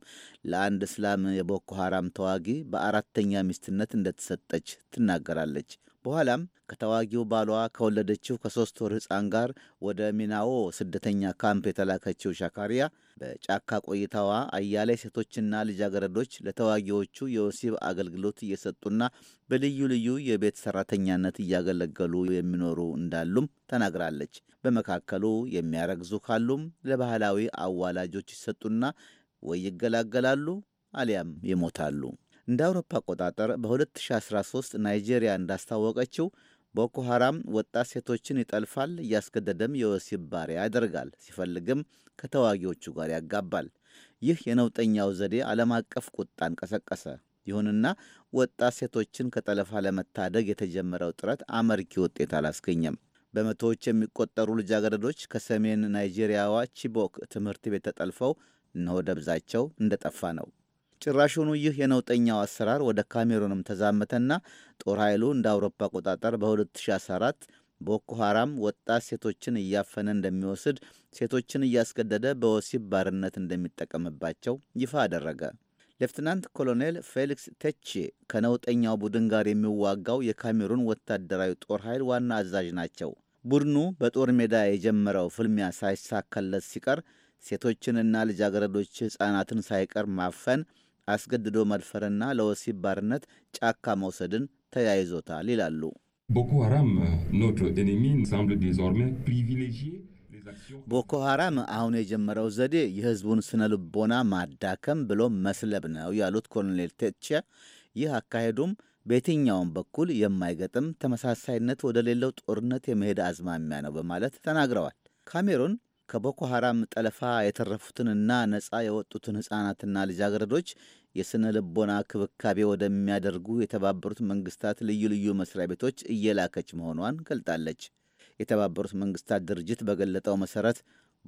ለአንድ እስላም የቦኮ ሐራም ተዋጊ በአራተኛ ሚስትነት እንደተሰጠች ትናገራለች። በኋላም ከተዋጊው ባሏ ከወለደችው ከሦስት ወር ሕፃን ጋር ወደ ሚናዎ ስደተኛ ካምፕ የተላከችው ሻካሪያ በጫካ ቆይታዋ አያሌ ሴቶችና ልጃገረዶች ለተዋጊዎቹ የወሲብ አገልግሎት እየሰጡና በልዩ ልዩ የቤት ሰራተኛነት እያገለገሉ የሚኖሩ እንዳሉም ተናግራለች። በመካከሉ የሚያረግዙ ካሉም ለባህላዊ አዋላጆች ይሰጡና ወይ ይገላገላሉ አሊያም ይሞታሉ። እንደ አውሮፓ አቆጣጠር በ2013 ናይጄሪያ እንዳስታወቀችው ቦኮ ሐራም ወጣት ሴቶችን ይጠልፋል፣ እያስገደደም የወሲብ ባሪያ ያደርጋል፣ ሲፈልግም ከተዋጊዎቹ ጋር ያጋባል። ይህ የነውጠኛው ዘዴ ዓለም አቀፍ ቁጣን ቀሰቀሰ። ይሁንና ወጣት ሴቶችን ከጠለፋ ለመታደግ የተጀመረው ጥረት አመርኪ ውጤት አላስገኘም። በመቶዎች የሚቆጠሩ ልጃገረዶች ከሰሜን ናይጄሪያዋ ቺቦክ ትምህርት ቤት ተጠልፈው እነሆ ደብዛቸው እንደጠፋ ነው። ጭራሽኑ ይህ የነውጠኛው አሰራር ወደ ካሜሩንም ተዛመተና ጦር ኃይሉ እንደ አውሮፓ አቆጣጠር በ2014 ቦኮ ሐራም ወጣት ሴቶችን እያፈነ እንደሚወስድ፣ ሴቶችን እያስገደደ በወሲብ ባርነት እንደሚጠቀምባቸው ይፋ አደረገ። ሌፍትናንት ኮሎኔል ፌሊክስ ቴቼ ከነውጠኛው ቡድን ጋር የሚዋጋው የካሜሩን ወታደራዊ ጦር ኃይል ዋና አዛዥ ናቸው። ቡድኑ በጦር ሜዳ የጀመረው ፍልሚያ ሳይሳካለት ሲቀር ሴቶችንና ልጃገረዶች ሕፃናትን ሳይቀር ማፈን አስገድዶ መድፈርና ለወሲብ ባርነት ጫካ መውሰድን ተያይዞታል ይላሉ። ቦኮ ሐራም አሁን የጀመረው ዘዴ የህዝቡን ስነ ልቦና ማዳከም ብሎ መስለብ ነው ያሉት ኮሎኔል ቴቼ፣ ይህ አካሄዱም በየትኛውም በኩል የማይገጥም ተመሳሳይነት ወደ ሌለው ጦርነት የመሄድ አዝማሚያ ነው በማለት ተናግረዋል። ካሜሩን ከቦኮ ሐራም ጠለፋ የተረፉትንና ነፃ የወጡትን ሕፃናትና ልጃገረዶች የሥነ ልቦና ክብካቤ ወደሚያደርጉ የተባበሩት መንግስታት ልዩ ልዩ መስሪያ ቤቶች እየላከች መሆኗን ገልጣለች። የተባበሩት መንግስታት ድርጅት በገለጠው መሠረት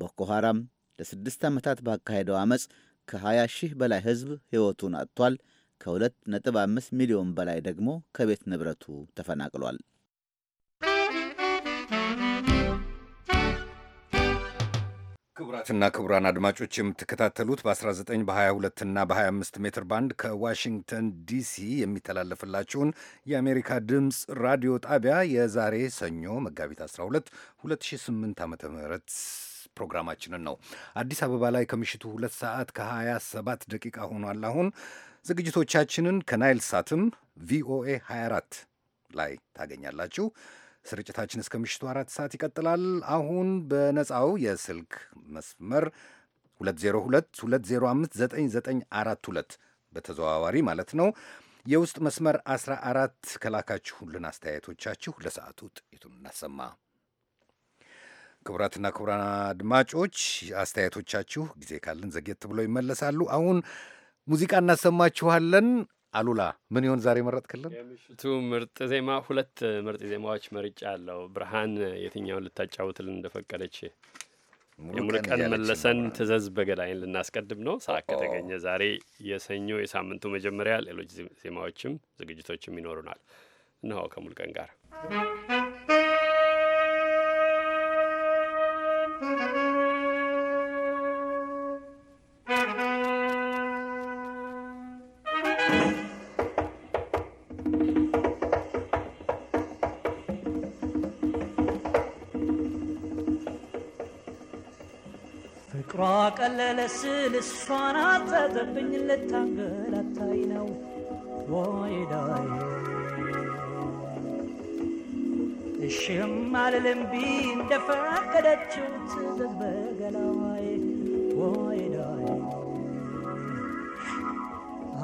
ቦኮ ሐራም ለስድስት ዓመታት ባካሄደው ዓመፅ ከ20 ሺህ በላይ ሕዝብ ሕይወቱን አጥቷል። ከ2.5 ሚሊዮን በላይ ደግሞ ከቤት ንብረቱ ተፈናቅሏል። ክቡራትና ክቡራን አድማጮች የምትከታተሉት በ19 በ22 እና በ25 ሜትር ባንድ ከዋሽንግተን ዲሲ የሚተላለፍላችሁን የአሜሪካ ድምፅ ራዲዮ ጣቢያ የዛሬ ሰኞ መጋቢት 12 2008 ዓ ም ፕሮግራማችንን ነው። አዲስ አበባ ላይ ከምሽቱ 2 ሰዓት ከ27 ደቂቃ ሆኗል። አሁን ዝግጅቶቻችንን ከናይል ሳትም ቪኦኤ 24 ላይ ታገኛላችሁ። ስርጭታችን እስከ ምሽቱ አራት ሰዓት ይቀጥላል። አሁን በነፃው የስልክ መስመር 2022059942 በተዘዋዋሪ ማለት ነው የውስጥ መስመር 14 ከላካችሁልን አስተያየቶቻችሁ ለሰዓቱ ጥቂቱን እናሰማ። ክቡራትና ክቡራን አድማጮች አስተያየቶቻችሁ ጊዜ ካለን ዘግየት ብለው ይመለሳሉ። አሁን ሙዚቃ እናሰማችኋለን። አሉላ ምን ይሆን ዛሬ መረጥክልን? የምሽቱ ምርጥ ዜማ ሁለት ምርጥ ዜማዎች መርጫ አለው። ብርሃን የትኛውን ልታጫውትልን እንደፈቀደች የሙሉቀን መለሰን ትዘዝ በገላይን ልናስቀድም ነው። ሰዓት ከተገኘ ዛሬ የሰኞ የሳምንቱ መጀመሪያ ሌሎች ዜማዎችም ዝግጅቶችም ይኖሩናል። እንሆ ከሙሉቀን ጋር ያለብኝ ልታንገላታይ ነው ወይዳይ እሽም አልልምቢ እንደፈቀደችው ትዘዝ በገላዋይ ወይዳይ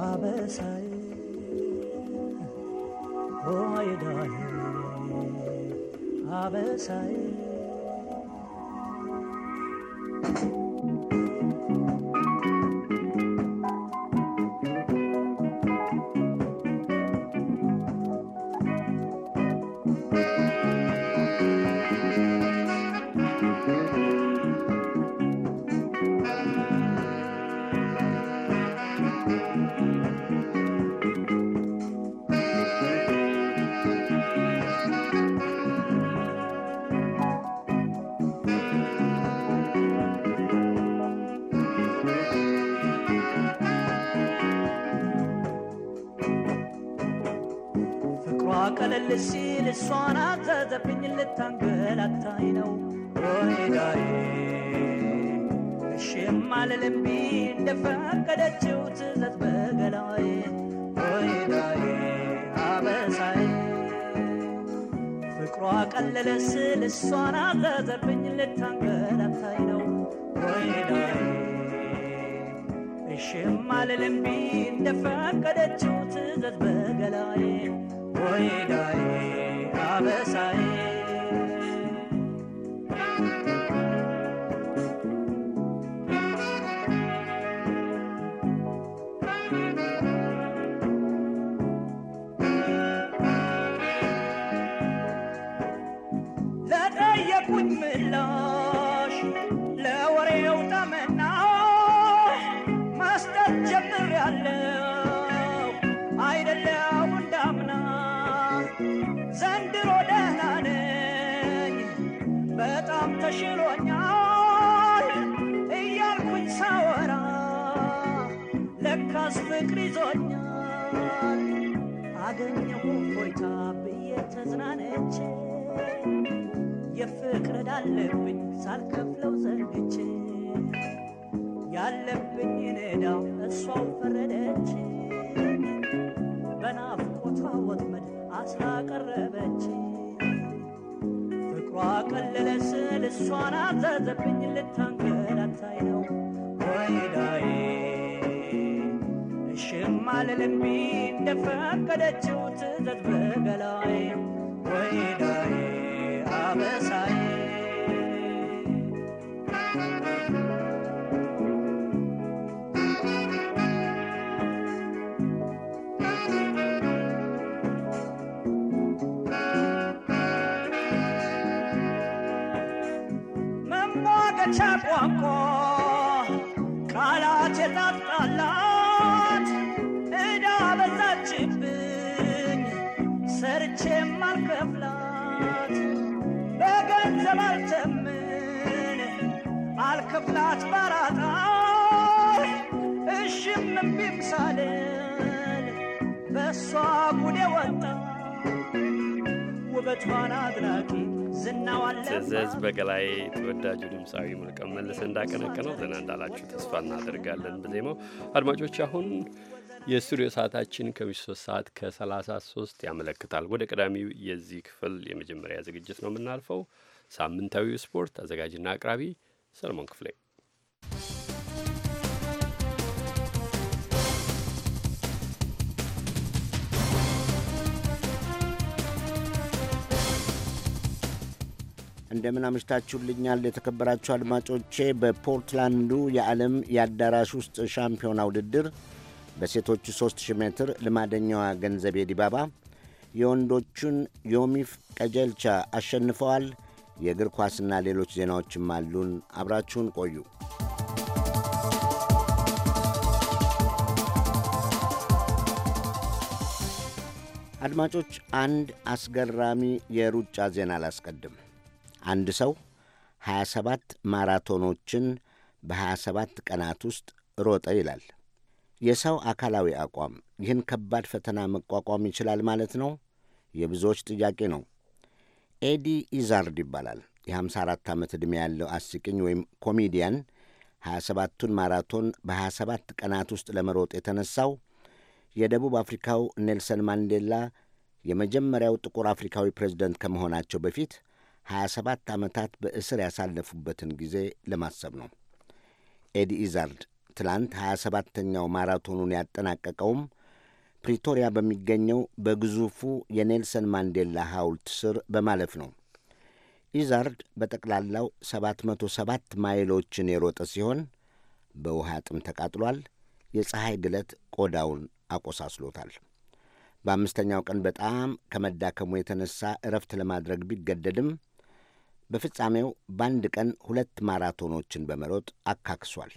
አበሳይ ወይዳይ አበሳይ ሲል እሷን አዘዘብኝ ልታንገላታይ ነው ወይዳዬ እሽም አልልምቢ እንደፈቀደችው ትዘት በገላዬ ወይዳዬ አበሳዬ ፍቅሯ ቀለለ ስል እሷን አዘዘብኝ ልታንገላታይ ነው ወይዳዬ እሽም አልልምቢ እንደፈቀደችው ትዘት በገላዬ ወይዳዬ አበሳዬ ፍቅር ይዞኛል አገኘሁ ሆይታ ብዬ ተዝናነቼ የፍቅር ዳለብኝ ሳልከፍለው ዘንግች ያለብኝ እዳው እሷው ፈረደች በናፍቆቷ ወጥመድ አስላቀረበች ፍቅሯ ቀለለ ስል እሷን አዘዘብኝ ልታንገላታይ ነው ወይዳዬ እሽም አልልቢ እንደፈቀደችው ትዘት በገላይ ወይዳዬ አበሳይ ክፍላት ባራጣ እሽም እምቢም ሳልን በእሷ ጉዴ ወጣ ውበቷን አድናቂ ትዕዘዝ በቀላይ ተወዳጁ ድምፃዊ ሙሉቀን መለሰ እንዳቀነቀነው ዘና እንዳላችሁ ተስፋ እናደርጋለን። በዜማው አድማጮች፣ አሁን የስቱዲዮ ሰዓታችን ከምሽቱ ሶስት ሰዓት ከሰላሳ ሶስት ያመለክታል። ወደ ቀዳሚው የዚህ ክፍል የመጀመሪያ ዝግጅት ነው የምናልፈው። ሳምንታዊ ስፖርት አዘጋጅና አቅራቢ ሰለሞን ክፍሌ እንደምን አምሽታችሁልኛል የተከበራችሁ አድማጮቼ። በፖርትላንዱ የዓለም የአዳራሽ ውስጥ ሻምፒዮና ውድድር በሴቶቹ 3000 ሜትር ልማደኛዋ ገንዘቤ ዲባባ የወንዶቹን ዮሚፍ ቀጀልቻ አሸንፈዋል። የእግር ኳስና ሌሎች ዜናዎችም አሉን። አብራችሁን ቆዩ። አድማጮች፣ አንድ አስገራሚ የሩጫ ዜና ላስቀድም አንድ ሰው 27 ማራቶኖችን በ27 ቀናት ውስጥ ሮጠ ይላል። የሰው አካላዊ አቋም ይህን ከባድ ፈተና መቋቋም ይችላል ማለት ነው? የብዙዎች ጥያቄ ነው። ኤዲ ኢዛርድ ይባላል። የ54 ዓመት ዕድሜ ያለው አስቂኝ ወይም ኮሜዲያን 27ቱን ማራቶን በ27 ቀናት ውስጥ ለመሮጥ የተነሳው የደቡብ አፍሪካው ኔልሰን ማንዴላ የመጀመሪያው ጥቁር አፍሪካዊ ፕሬዝደንት ከመሆናቸው በፊት 27 ዓመታት በእስር ያሳለፉበትን ጊዜ ለማሰብ ነው። ኤዲ ኢዛርድ ትላንት 27ተኛው ማራቶኑን ያጠናቀቀውም ፕሪቶሪያ በሚገኘው በግዙፉ የኔልሰን ማንዴላ ሐውልት ስር በማለፍ ነው። ኢዛርድ በጠቅላላው 707 ማይሎችን የሮጠ ሲሆን በውሃ ጥም ተቃጥሏል። የፀሐይ ግለት ቆዳውን አቆሳስሎታል። በአምስተኛው ቀን በጣም ከመዳከሙ የተነሳ እረፍት ለማድረግ ቢገደድም በፍጻሜው በአንድ ቀን ሁለት ማራቶኖችን በመሮጥ አካክሷል።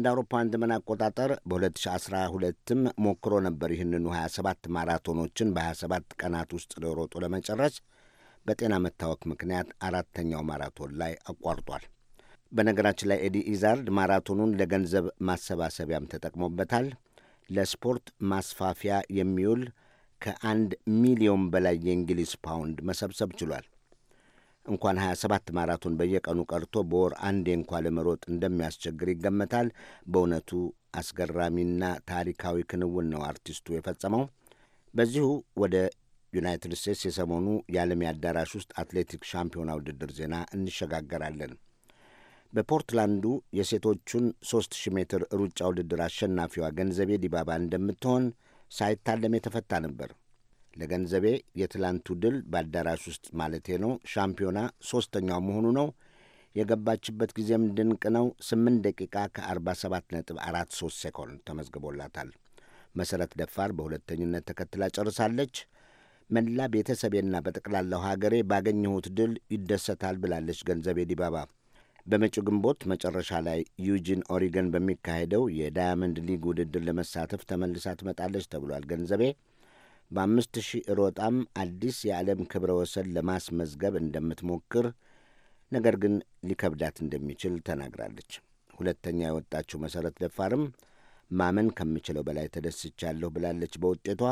እንደ አውሮፓውያን ዘመን አቆጣጠር በ2012ም ሞክሮ ነበር ይህንኑ 27 ማራቶኖችን በ27 ቀናት ውስጥ ለሮጦ ለመጨረስ በጤና መታወክ ምክንያት አራተኛው ማራቶን ላይ አቋርጧል። በነገራችን ላይ ኤዲ ኢዛርድ ማራቶኑን ለገንዘብ ማሰባሰቢያም ተጠቅሞበታል። ለስፖርት ማስፋፊያ የሚውል ከአንድ ሚሊዮን በላይ የእንግሊዝ ፓውንድ መሰብሰብ ችሏል። እንኳን 27 ማራቶን በየቀኑ ቀርቶ በወር አንዴ እንኳ ለመሮጥ እንደሚያስቸግር ይገመታል። በእውነቱ አስገራሚና ታሪካዊ ክንውን ነው አርቲስቱ የፈጸመው። በዚሁ ወደ ዩናይትድ ስቴትስ የሰሞኑ የዓለም የአዳራሽ ውስጥ አትሌቲክ ሻምፒዮና ውድድር ዜና እንሸጋገራለን። በፖርትላንዱ የሴቶቹን 3000 ሜትር ሩጫ ውድድር አሸናፊዋ ገንዘቤ ዲባባ እንደምትሆን ሳይታለም የተፈታ ነበር። ለገንዘቤ የትላንቱ ድል በአዳራሽ ውስጥ ማለቴ ነው ሻምፒዮና ሦስተኛው መሆኑ ነው። የገባችበት ጊዜም ድንቅ ነው። 8 ደቂቃ ከ47 ነጥብ 43 ሴኮንድ ተመዝግቦላታል። መሠረት ደፋር በሁለተኝነት ተከትላ ጨርሳለች። መላ ቤተሰቤና በጠቅላላው ሀገሬ ባገኘሁት ድል ይደሰታል ብላለች ገንዘቤ ዲባባ። በመጪው ግንቦት መጨረሻ ላይ ዩጂን ኦሪገን በሚካሄደው የዳያመንድ ሊግ ውድድር ለመሳተፍ ተመልሳ ትመጣለች ተብሏል። ገንዘቤ በአምስት ሺህ ሮጣም አዲስ የዓለም ክብረ ወሰን ለማስመዝገብ እንደምትሞክር ነገር ግን ሊከብዳት እንደሚችል ተናግራለች። ሁለተኛ የወጣችው መሠረት ደፋርም ማመን ከምችለው በላይ ተደስቻለሁ ብላለች። በውጤቷ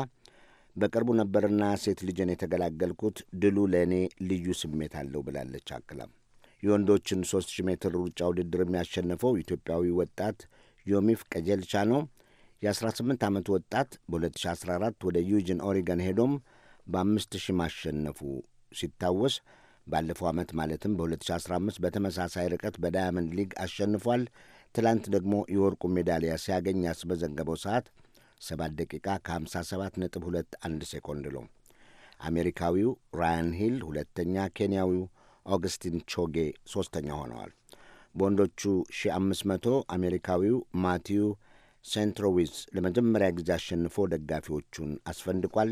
በቅርቡ ነበርና ሴት ልጅን የተገላገልኩት ድሉ ለእኔ ልዩ ስሜት አለው ብላለች። አክላም የወንዶችን 3000 ሜትር ሩጫ ውድድር የሚያሸነፈው ኢትዮጵያዊ ወጣት ዮሚፍ ቀጀልቻ ነው። የ18 ዓመት ወጣት በ2014 ወደ ዩጅን ኦሪገን ሄዶም በአምስት ሺህ ማሸነፉ ሲታወስ ባለፈው ዓመት ማለትም በ2015 በተመሳሳይ ርቀት በዳያመንድ ሊግ አሸንፏል። ትላንት ደግሞ የወርቁ ሜዳሊያ ሲያገኝ ያስመዘገበው ሰዓት 7 ደቂቃ ከ57.21 ሴኮንድ ነው። አሜሪካዊው ራያን ሂል ሁለተኛ፣ ኬንያዊው ኦግስቲን ቾጌ ሦስተኛ ሆነዋል። በወንዶቹ 1500 አሜሪካዊው ማቲዩ ሴንትሮዊዝ ለመጀመሪያ ጊዜ አሸንፎ ደጋፊዎቹን አስፈንድቋል።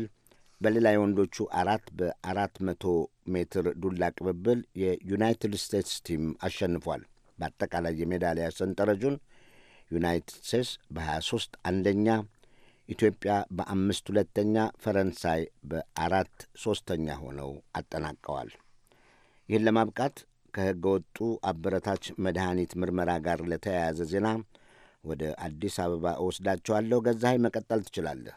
በሌላ የወንዶቹ አራት በአራት መቶ ሜትር ዱላ ቅብብል የዩናይትድ ስቴትስ ቲም አሸንፏል። በአጠቃላይ የሜዳሊያ ሰንጠረጁን ዩናይትድ ስቴትስ በ23 አንደኛ፣ ኢትዮጵያ በአምስት ሁለተኛ፣ ፈረንሳይ በአራት ሦስተኛ ሆነው አጠናቀዋል። ይህን ለማብቃት ከሕገ ወጡ አበረታች መድኃኒት ምርመራ ጋር ለተያያዘ ዜና ወደ አዲስ አበባ እወስዳቸዋለሁ። ገዛኸኝ መቀጠል ትችላለህ።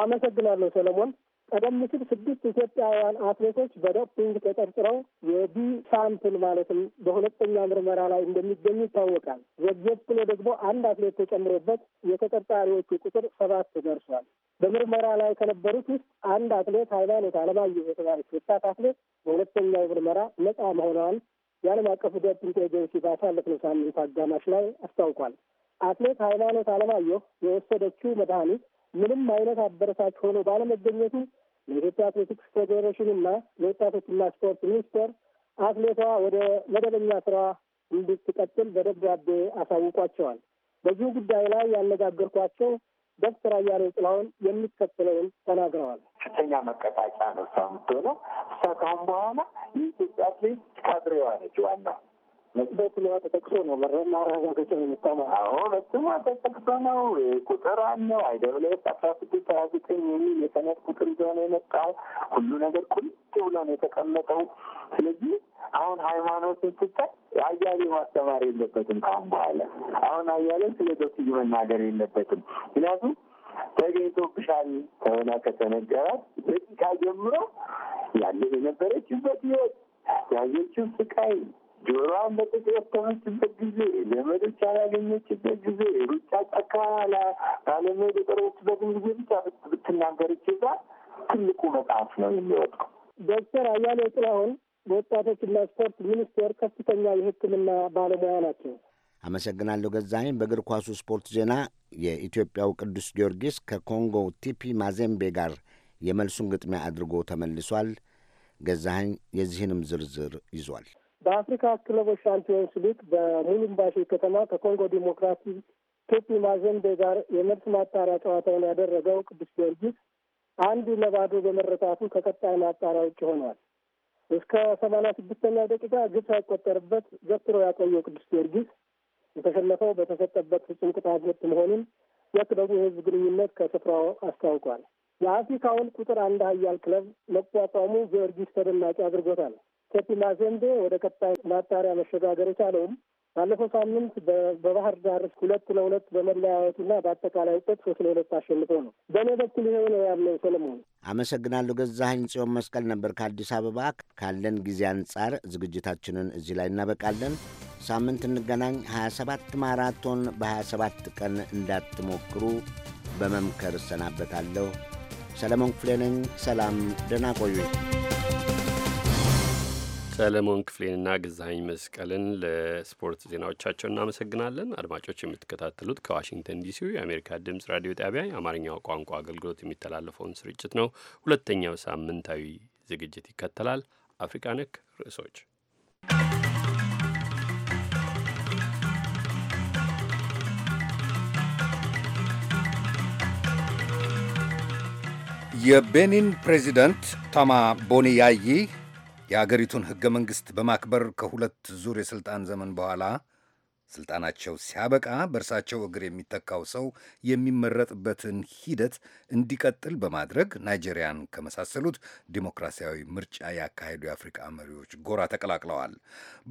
አመሰግናለሁ ሰለሞን። ቀደም ሲል ስድስት ኢትዮጵያውያን አትሌቶች በዶፒንግ ተጠርጥረው የቢ ሳምፕል ማለትም በሁለተኛ ምርመራ ላይ እንደሚገኙ ይታወቃል። ዘግየት ብሎ ደግሞ አንድ አትሌት ተጨምሮበት የተጠርጣሪዎቹ ቁጥር ሰባት ደርሷል። በምርመራ ላይ ከነበሩት ውስጥ አንድ አትሌት ሃይማኖት አለማየሁ የተባለች ወጣት አትሌት በሁለተኛው ምርመራ ነጻ መሆኗን የዓለም አቀፉ ዶፒንግ ኤጀንሲ ባሳለፍነው ሳምንት አጋማሽ ላይ አስታውቋል። አትሌት ሃይማኖት አለማየሁ የወሰደችው መድኃኒት ምንም አይነት አበረታች ሆኖ ባለመገኘቱ ለኢትዮጵያ አትሌቲክስ ፌዴሬሽንና ለወጣቶችና ስፖርት ሚኒስቴር አትሌቷ ወደ መደበኛ ስራ እንድትቀጥል በደብዳቤ አሳውቋቸዋል። በዚሁ ጉዳይ ላይ ያነጋገርኳቸው ዶክተር አያሌው ጥላሁን የሚከተለውን ተናግረዋል። ከፍተኛ መቀጣጫ ነው እሷ የምትሆነው። እሷ ካሁን በኋላ የኢትዮጵያ አትሌት ካድሬዋ ነች ዋናው መጽደት ላ ተጠቅሶ ነው ማረጋገጫ የመጣ አዎ በስሟ ተጠቅሶ ነው። ቁጥር አለው አይደብለት አስራ ስድስት ሀያ ዘጠኝ የሚል የሰነድ ቁጥር ይዞ ነው የመጣው። ሁሉ ነገር ቁልጭ ብሎ ነው የተቀመጠው። ስለዚህ አሁን ሃይማኖትን ስታይ አያሌ ማስተማር የለበትም ከአሁን በኋላ አሁን አያሌው ስለ ዶክትዩ መናገር የለበትም ምክንያቱም ተገኝቶ ብሻል ተሆና ከተነገራት ደቂቃ ጀምሮ ያለ የነበረችበት ህይወት ያየችው ስቃይ ጆሮዋን በጥጥ የተመችበት ጊዜ፣ ዘመዶች ያላገኘችበት ጊዜ፣ ሩጫ ጫካ ባለመሄድ የቀረበችበትን ጊዜ ብቻ ብትናገር ይችዛ ትልቁ መጽሐፍ ነው የሚወጣው። ዶክተር አያሌው ጥላሁን በወጣቶችና ስፖርት ሚኒስቴር ከፍተኛ የሕክምና ባለሙያ ናቸው። አመሰግናለሁ ገዛኸኝ። በእግር ኳሱ ስፖርት ዜና የኢትዮጵያው ቅዱስ ጊዮርጊስ ከኮንጎው ቲፒ ማዜምቤ ጋር የመልሱን ግጥሚያ አድርጎ ተመልሷል። ገዛኸኝ የዚህንም ዝርዝር ይዟል። በአፍሪካ ክለቦች ሻምፒዮንስ ሊግ በሙሉምባሺ ከተማ ከኮንጎ ዲሞክራሲ ቴፒ ማዘምቤ ጋር የመልስ ማጣሪያ ጨዋታውን ያደረገው ቅዱስ ጊዮርጊስ አንድ ለባዶ በመረታቱ ከቀጣይ ማጣሪያ ውጭ ሆኗል። እስከ ሰማንያ ስድስተኛው ደቂቃ ግብ ሳይቆጠርበት ገትሮ ያቆየው ቅዱስ ጊዮርጊስ የተሸነፈው በተሰጠበት ፍጹም ቅጣት ምት መሆኑን የክለቡ የህዝብ ግንኙነት ከስፍራው አስታውቋል። የአፍሪካውን ቁጥር አንድ ሀያል ክለብ መቋቋሙ ጊዮርጊስ ተደናቂ አድርጎታል። ኮፒና ዘንዴ ወደ ቀጣይ ማጣሪያ መሸጋገር የቻለውም ባለፈው ሳምንት በባህር ዳር ሁለት ለሁለት በመለያየቱና በአጠቃላይ ውጤት ሶስት ለሁለት አሸንፎ ነው። በእኔ በኩል ይሄው ነው ያለው። ሰለሞን አመሰግናለሁ። ገዛኸኝ ጽዮን መስቀል ነበር ከአዲስ አበባ። ካለን ጊዜ አንጻር ዝግጅታችንን እዚህ ላይ እናበቃለን። ሳምንት እንገናኝ። 27 ማራቶን በ27 ቀን እንዳትሞክሩ በመምከር እሰናበታለሁ። ሰለሞን ክፍሌ ነኝ። ሰላም፣ ደህና ቆዩ። ሰለሞን ክፍሌንና ግዛኝ መስቀልን ለስፖርት ዜናዎቻቸው እናመሰግናለን። አድማጮች የምትከታተሉት ከዋሽንግተን ዲሲው የአሜሪካ ድምጽ ራዲዮ ጣቢያ የአማርኛው ቋንቋ አገልግሎት የሚተላለፈውን ስርጭት ነው። ሁለተኛው ሳምንታዊ ዝግጅት ይከተላል። አፍሪካ ነክ ርዕሶች የቤኒን ፕሬዚደንት ታማ ቦኒ የአገሪቱን ህገ መንግስት በማክበር ከሁለት ዙር የሥልጣን ዘመን በኋላ ስልጣናቸው ሲያበቃ በእርሳቸው እግር የሚተካው ሰው የሚመረጥበትን ሂደት እንዲቀጥል በማድረግ ናይጄሪያን ከመሳሰሉት ዲሞክራሲያዊ ምርጫ ያካሄዱ የአፍሪካ መሪዎች ጎራ ተቀላቅለዋል።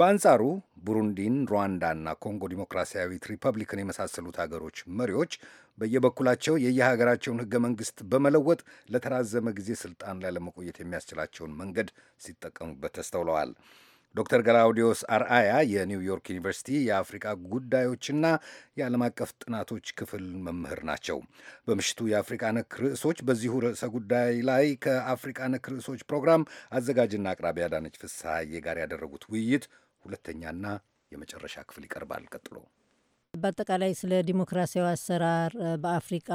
በአንጻሩ ቡሩንዲን፣ ሩዋንዳና ኮንጎ ዲሞክራሲያዊት ሪፐብሊክን የመሳሰሉት ሀገሮች መሪዎች በየበኩላቸው የየሀገራቸውን ህገ መንግስት በመለወጥ ለተራዘመ ጊዜ ስልጣን ላይ ለመቆየት የሚያስችላቸውን መንገድ ሲጠቀሙበት ተስተውለዋል። ዶክተር ገላውዲዮስ አርአያ የኒውዮርክ ዩኒቨርሲቲ የአፍሪካ ጉዳዮችና የዓለም አቀፍ ጥናቶች ክፍል መምህር ናቸው። በምሽቱ የአፍሪካ ነክ ርዕሶች በዚሁ ርዕሰ ጉዳይ ላይ ከአፍሪካ ነክ ርዕሶች ፕሮግራም አዘጋጅና አቅራቢ አዳነች ፍስሐዬ ጋር ያደረጉት ውይይት ሁለተኛና የመጨረሻ ክፍል ይቀርባል። ቀጥሎ በአጠቃላይ ስለ ዲሞክራሲያዊ አሰራር በአፍሪቃ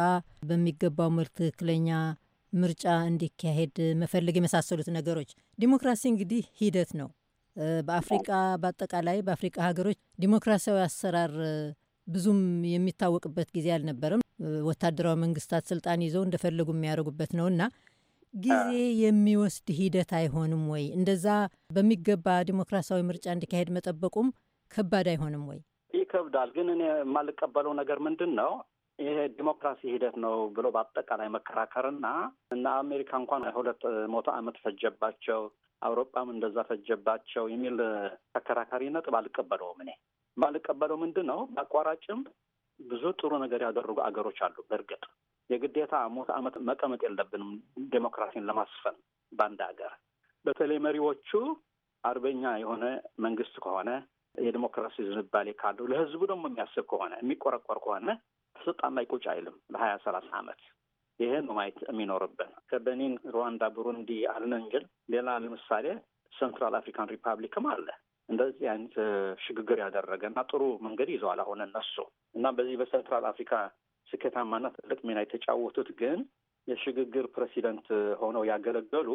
በሚገባው መልክ ትክክለኛ ምርጫ እንዲካሄድ መፈለግ የመሳሰሉት ነገሮች ዲሞክራሲ እንግዲህ ሂደት ነው በአፍሪቃ በአጠቃላይ በአፍሪቃ ሀገሮች ዲሞክራሲያዊ አሰራር ብዙም የሚታወቅበት ጊዜ አልነበረም። ወታደራዊ መንግስታት ስልጣን ይዘው እንደፈለጉ የሚያደርጉበት እና ጊዜ የሚወስድ ሂደት አይሆንም ወይ? እንደዛ በሚገባ ዲሞክራሲያዊ ምርጫ እንዲካሄድ መጠበቁም ከባድ አይሆንም ወይ? ይከብዳል። ግን እኔ የማልቀበለው ነገር ምንድን ነው ይሄ ዲሞክራሲ ሂደት ነው ብሎ በአጠቃላይ መከራከርና እና አሜሪካ እንኳን ሁለት መቶ ዓመት ፈጀባቸው፣ አውሮፓም እንደዛ ፈጀባቸው የሚል ተከራካሪ ነጥብ አልቀበለውም። እኔ ባልቀበለው ምንድን ነው በአቋራጭም ብዙ ጥሩ ነገር ያደረጉ አገሮች አሉ። በእርግጥ የግዴታ መቶ ዓመት መቀመጥ የለብንም ዴሞክራሲን ለማስፈን በአንድ ሀገር በተለይ መሪዎቹ አርበኛ የሆነ መንግስት ከሆነ የዲሞክራሲ ዝንባሌ ካለው ለህዝቡ ደግሞ የሚያስብ ከሆነ የሚቆረቆር ከሆነ ስልጣን ላይ ቁጭ አይልም ለሀያ ሰላሳ ዓመት። ይሄ ነው ማየት የሚኖርብን። ከበኒን፣ ሩዋንዳ፣ ቡሩንዲ አልን ሌላ ለምሳሌ ሴንትራል አፍሪካን ሪፐብሊክም አለ እንደዚህ አይነት ሽግግር ያደረገ እና ጥሩ መንገድ ይዘዋል አሁን እነሱ እና በዚህ በሴንትራል አፍሪካ ስኬታማና ትልቅ ሚና የተጫወቱት ግን የሽግግር ፕሬዚደንት ሆነው ያገለገሉ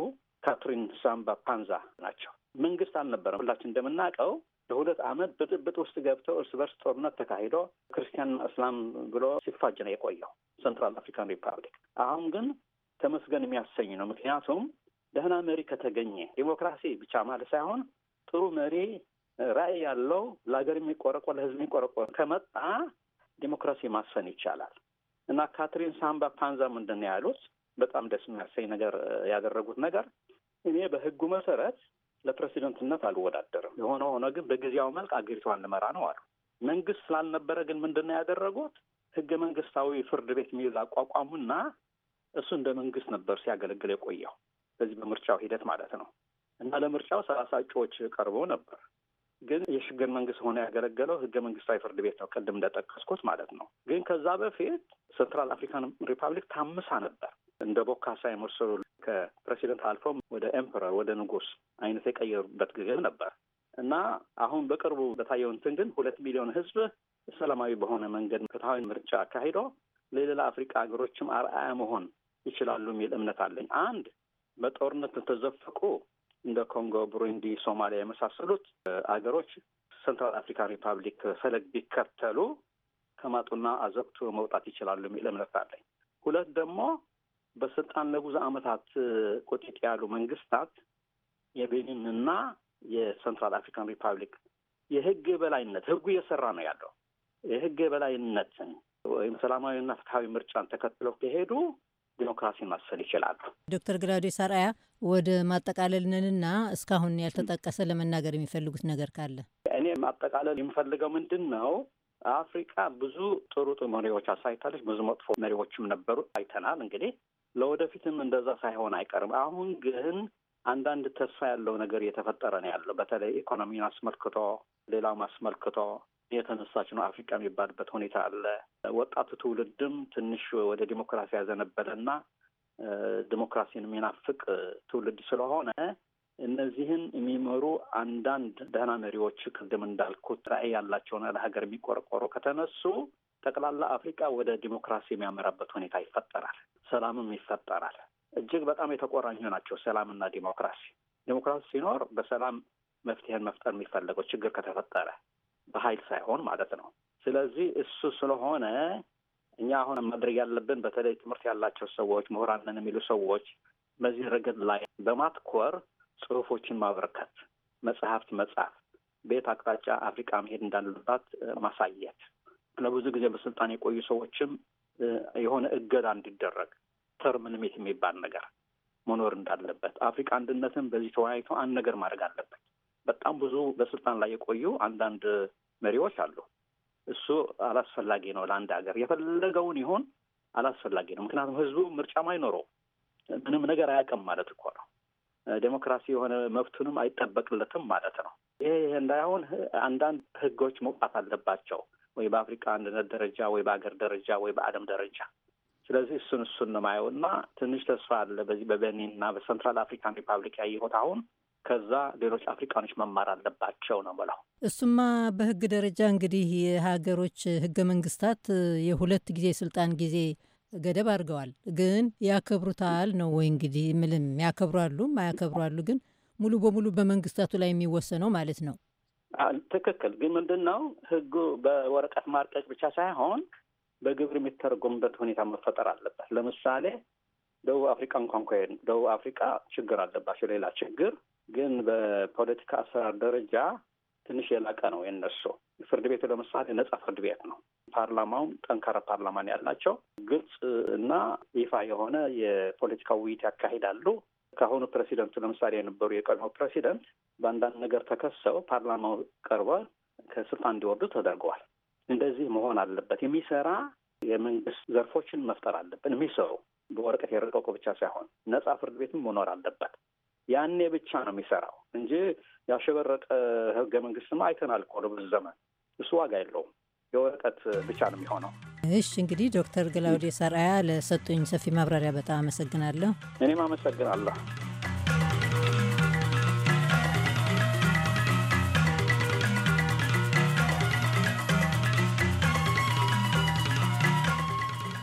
ካትሪን ሳምባ ፓንዛ ናቸው። መንግስት አልነበረም። ሁላችን እንደምናውቀው ለሁለት ዓመት ብጥብጥ ውስጥ ገብተው እርስ በርስ ጦርነት ተካሂዶ ክርስቲያን እስላም ብሎ ሲፋጅ ነው የቆየው ሴንትራል አፍሪካን ሪፐብሊክ። አሁን ግን ተመስገን የሚያሰኝ ነው። ምክንያቱም ደህና መሪ ከተገኘ ዲሞክራሲ ብቻ ማለት ሳይሆን ጥሩ መሪ፣ ራዕይ ያለው ለሀገር የሚቆረቆር ለህዝብ የሚቆረቆር ከመጣ ዲሞክራሲ ማሰን ይቻላል። እና ካትሪን ሳምባ ፓንዛ ምንድን ነው ያሉት? በጣም ደስ የሚያሰኝ ነገር ያደረጉት ነገር እኔ በህጉ መሰረት ለፕሬዚደንትነት አልወዳደርም። የሆነ ሆነ ግን በጊዜያዊ መልክ አገሪቷን ልመራ ነው አሉ። መንግስት ስላልነበረ ግን ምንድን ነው ያደረጉት? ህገ መንግስታዊ ፍርድ ቤት የሚል አቋቋሙና እሱ እንደ መንግስት ነበር ሲያገለግል የቆየው በዚህ በምርጫው ሂደት ማለት ነው። እና ለምርጫው ሰላሳ እጩዎች ቀርበው ነበር። ግን የሽግግር መንግስት ሆነ ያገለገለው ህገ መንግስታዊ ፍርድ ቤት ነው፣ ቅድም እንደጠቀስኩት ማለት ነው። ግን ከዛ በፊት ሴንትራል አፍሪካን ሪፐብሊክ ታምሳ ነበር እንደ ቦካሳ የመሰሉ ከፕሬዚደንት አልፎም ወደ ኤምፐረር ወደ ንጉስ አይነት የቀየሩበት ጊዜም ነበር እና አሁን በቅርቡ በታየው እንትን ግን ሁለት ሚሊዮን ህዝብ ሰላማዊ በሆነ መንገድ ፍትሐዊ ምርጫ አካሂዶ ለሌላ አፍሪካ ሀገሮችም አርአያ መሆን ይችላሉ የሚል እምነት አለኝ። አንድ በጦርነት ተዘፈቁ እንደ ኮንጎ፣ ብሩንዲ ሶማሊያ የመሳሰሉት አገሮች ሰንትራል አፍሪካ ሪፐብሊክ ፈለግ ቢከተሉ ከማጡና አዘቅቱ መውጣት ይችላሉ የሚል እምነት አለኝ። ሁለት ደግሞ በስልጣን ለብዙ ዓመታት ቁጭት ያሉ መንግስታት የቤኒንና የሰንትራል አፍሪካን ሪፐብሊክ የህግ የበላይነት ህጉ እየሰራ ነው ያለው። የህግ የበላይነትን ወይም ሰላማዊና ፍትሀዊ ምርጫን ተከትለው ከሄዱ ዲሞክራሲ ማሰል ይችላሉ። ዶክተር ግራዶ ሳርአያ ወደ ማጠቃለልንና እስካሁን ያልተጠቀሰ ለመናገር የሚፈልጉት ነገር ካለ? እኔ ማጠቃለል የምፈልገው ምንድን ነው፣ አፍሪካ ብዙ ጥሩ ጥሩ መሪዎች አሳይታለች። ብዙ መጥፎ መሪዎችም ነበሩ አይተናል። እንግዲህ ለወደፊትም እንደዛ ሳይሆን አይቀርም። አሁን ግን አንዳንድ ተስፋ ያለው ነገር እየተፈጠረ ነው ያለው። በተለይ ኢኮኖሚን አስመልክቶ ሌላም አስመልክቶ የተነሳች ነው አፍሪካ የሚባልበት ሁኔታ አለ። ወጣቱ ትውልድም ትንሽ ወደ ዲሞክራሲ ያዘነበለና ዲሞክራሲን የሚናፍቅ ትውልድ ስለሆነ እነዚህን የሚመሩ አንዳንድ ደህና መሪዎች ቅድም እንዳልኩት ራዕይ ያላቸውና ለሀገር የሚቆረቆሩ ከተነሱ ጠቅላላ አፍሪቃ ወደ ዲሞክራሲ የሚያመራበት ሁኔታ ይፈጠራል። ሰላምም ይፈጠራል። እጅግ በጣም የተቆራኙ ናቸው ሰላምና ዲሞክራሲ። ዲሞክራሲ ሲኖር በሰላም መፍትሄን መፍጠር የሚፈለገው ችግር ከተፈጠረ በኃይል ሳይሆን ማለት ነው። ስለዚህ እሱ ስለሆነ እኛ አሁን ማድረግ ያለብን በተለይ ትምህርት ያላቸው ሰዎች ምሁራን ነን የሚሉ ሰዎች በዚህ ረገድ ላይ በማትኮር ጽሁፎችን ማበረከት፣ መጽሐፍት መጽሐፍ በየት አቅጣጫ አፍሪቃ መሄድ እንዳለባት ማሳየት ለብዙ ጊዜ በስልጣን የቆዩ ሰዎችም የሆነ እገዳ እንዲደረግ ተርም ሊሚት የሚባል ነገር መኖር እንዳለበት አፍሪካ አንድነትን በዚህ ተወያይቶ አንድ ነገር ማድረግ አለበት። በጣም ብዙ በስልጣን ላይ የቆዩ አንዳንድ መሪዎች አሉ። እሱ አላስፈላጊ ነው። ለአንድ ሀገር የፈለገውን ይሆን አላስፈላጊ ነው። ምክንያቱም ህዝቡ ምርጫም አይኖረው ምንም ነገር አያውቅም ማለት እኮ ነው። ዴሞክራሲ የሆነ መብቱንም አይጠበቅለትም ማለት ነው። ይሄ እንዳይሆን አንዳንድ ህጎች መውጣት አለባቸው። ወይ በአፍሪካ አንድነት ደረጃ ወይ በአገር ደረጃ ወይ በዓለም ደረጃ። ስለዚህ እሱን እሱን ነው ማየው እና ትንሽ ተስፋ አለ በዚህ በቤኒን እና በሰንትራል አፍሪካን ሪፐብሊክ ያየሁት አሁን ከዛ ሌሎች አፍሪካኖች መማር አለባቸው ነው ብለው እሱማ በህግ ደረጃ እንግዲህ የሀገሮች ህገ መንግስታት የሁለት ጊዜ ስልጣን ጊዜ ገደብ አድርገዋል። ግን ያከብሩታል ነው ወይ እንግዲህ ምልም ያከብራሉ ማያከብራሉ ግን ሙሉ በሙሉ በመንግስታቱ ላይ የሚወሰነው ማለት ነው። ትክክል። ግን ምንድን ነው ህጉ በወረቀት ማርቀቅ ብቻ ሳይሆን በግብር የሚተረጎምበት ሁኔታ መፈጠር አለበት። ለምሳሌ ደቡብ አፍሪካ እንኳን ከሄድን ደቡብ አፍሪካ ችግር አለባቸው፣ ሌላ ችግር ግን በፖለቲካ አሰራር ደረጃ ትንሽ የላቀ ነው የነሱ። ፍርድ ቤቱ ለምሳሌ ነጻ ፍርድ ቤት ነው። ፓርላማውም ጠንካራ ፓርላማን ያላቸው ግልጽ እና ይፋ የሆነ የፖለቲካ ውይይት ያካሂዳሉ። ከአሁኑ ፕሬሲደንቱ ለምሳሌ የነበሩ የቀድሞ ፕሬዚደንት በአንዳንድ ነገር ተከሰው ፓርላማው ቀርበ ከስልጣን እንዲወርዱ ተደርገዋል። እንደዚህ መሆን አለበት። የሚሰራ የመንግስት ዘርፎችን መፍጠር አለብን። የሚሰሩ በወረቀት የረቀቁ ብቻ ሳይሆን ነጻ ፍርድ ቤትም መኖር አለበት። ያኔ ብቻ ነው የሚሰራው እንጂ ያሸበረቀ ህገ መንግስትማ አይተናል እኮ ብዙ ዘመን። እሱ ዋጋ የለውም። የወረቀት ብቻ ነው የሚሆነው። እሺ እንግዲህ ዶክተር ግላውዴ ሰርአያ ለሰጡኝ ሰፊ ማብራሪያ በጣም አመሰግናለሁ። እኔም አመሰግናለሁ።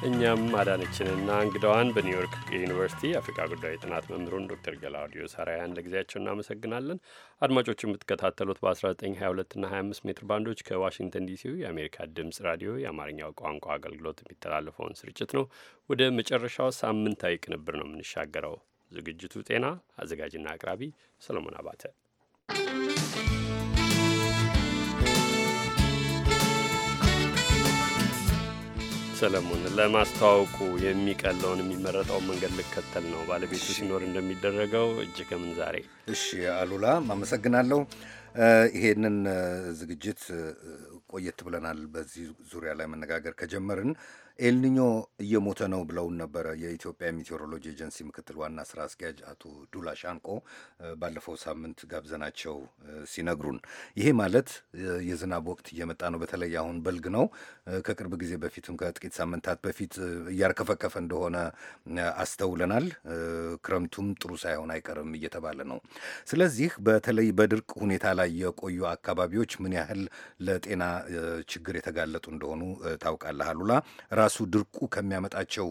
እኛም አዳነችንና እንግዳዋን በኒውዮርክ ዩኒቨርሲቲ የአፍሪካ ጉዳይ ጥናት መምህሩን ዶክተር ገላውዲዮ ሳራያን ለጊዜያቸው እናመሰግናለን። አድማጮች የምትከታተሉት በ1922ና 25 ሜትር ባንዶች ከዋሽንግተን ዲሲው የአሜሪካ ድምፅ ራዲዮ የአማርኛው ቋንቋ አገልግሎት የሚተላለፈውን ስርጭት ነው። ወደ መጨረሻው ሳምንታዊ ቅንብር ነው የምንሻገረው። ዝግጅቱ ጤና፣ አዘጋጅና አቅራቢ ሰለሞን አባተ ሰለሞን ለማስተዋወቁ የሚቀለውን የሚመረጠውን መንገድ ልከተል ነው ባለቤቱ ሲኖር እንደሚደረገው እጅ ከምን ዛሬ። እሺ አሉላ አመሰግናለሁ። ይሄንን ዝግጅት ቆየት ብለናል። በዚህ ዙሪያ ላይ መነጋገር ከጀመርን ኤልኒኞ እየሞተ ነው ብለውን ነበረ የኢትዮጵያ ሜቴሮሎጂ ኤጀንሲ ምክትል ዋና ስራ አስኪያጅ አቶ ዱላ ሻንቆ ባለፈው ሳምንት ጋብዘናቸው ሲነግሩን፣ ይሄ ማለት የዝናብ ወቅት እየመጣ ነው። በተለይ አሁን በልግ ነው። ከቅርብ ጊዜ በፊትም ከጥቂት ሳምንታት በፊት እያርከፈከፈ እንደሆነ አስተውለናል። ክረምቱም ጥሩ ሳይሆን አይቀርም እየተባለ ነው። ስለዚህ በተለይ በድርቅ ሁኔታ ላይ የቆዩ አካባቢዎች ምን ያህል ለጤና ችግር የተጋለጡ እንደሆኑ ታውቃለህ አሉላ ራሱ ድርቁ ከሚያመጣቸው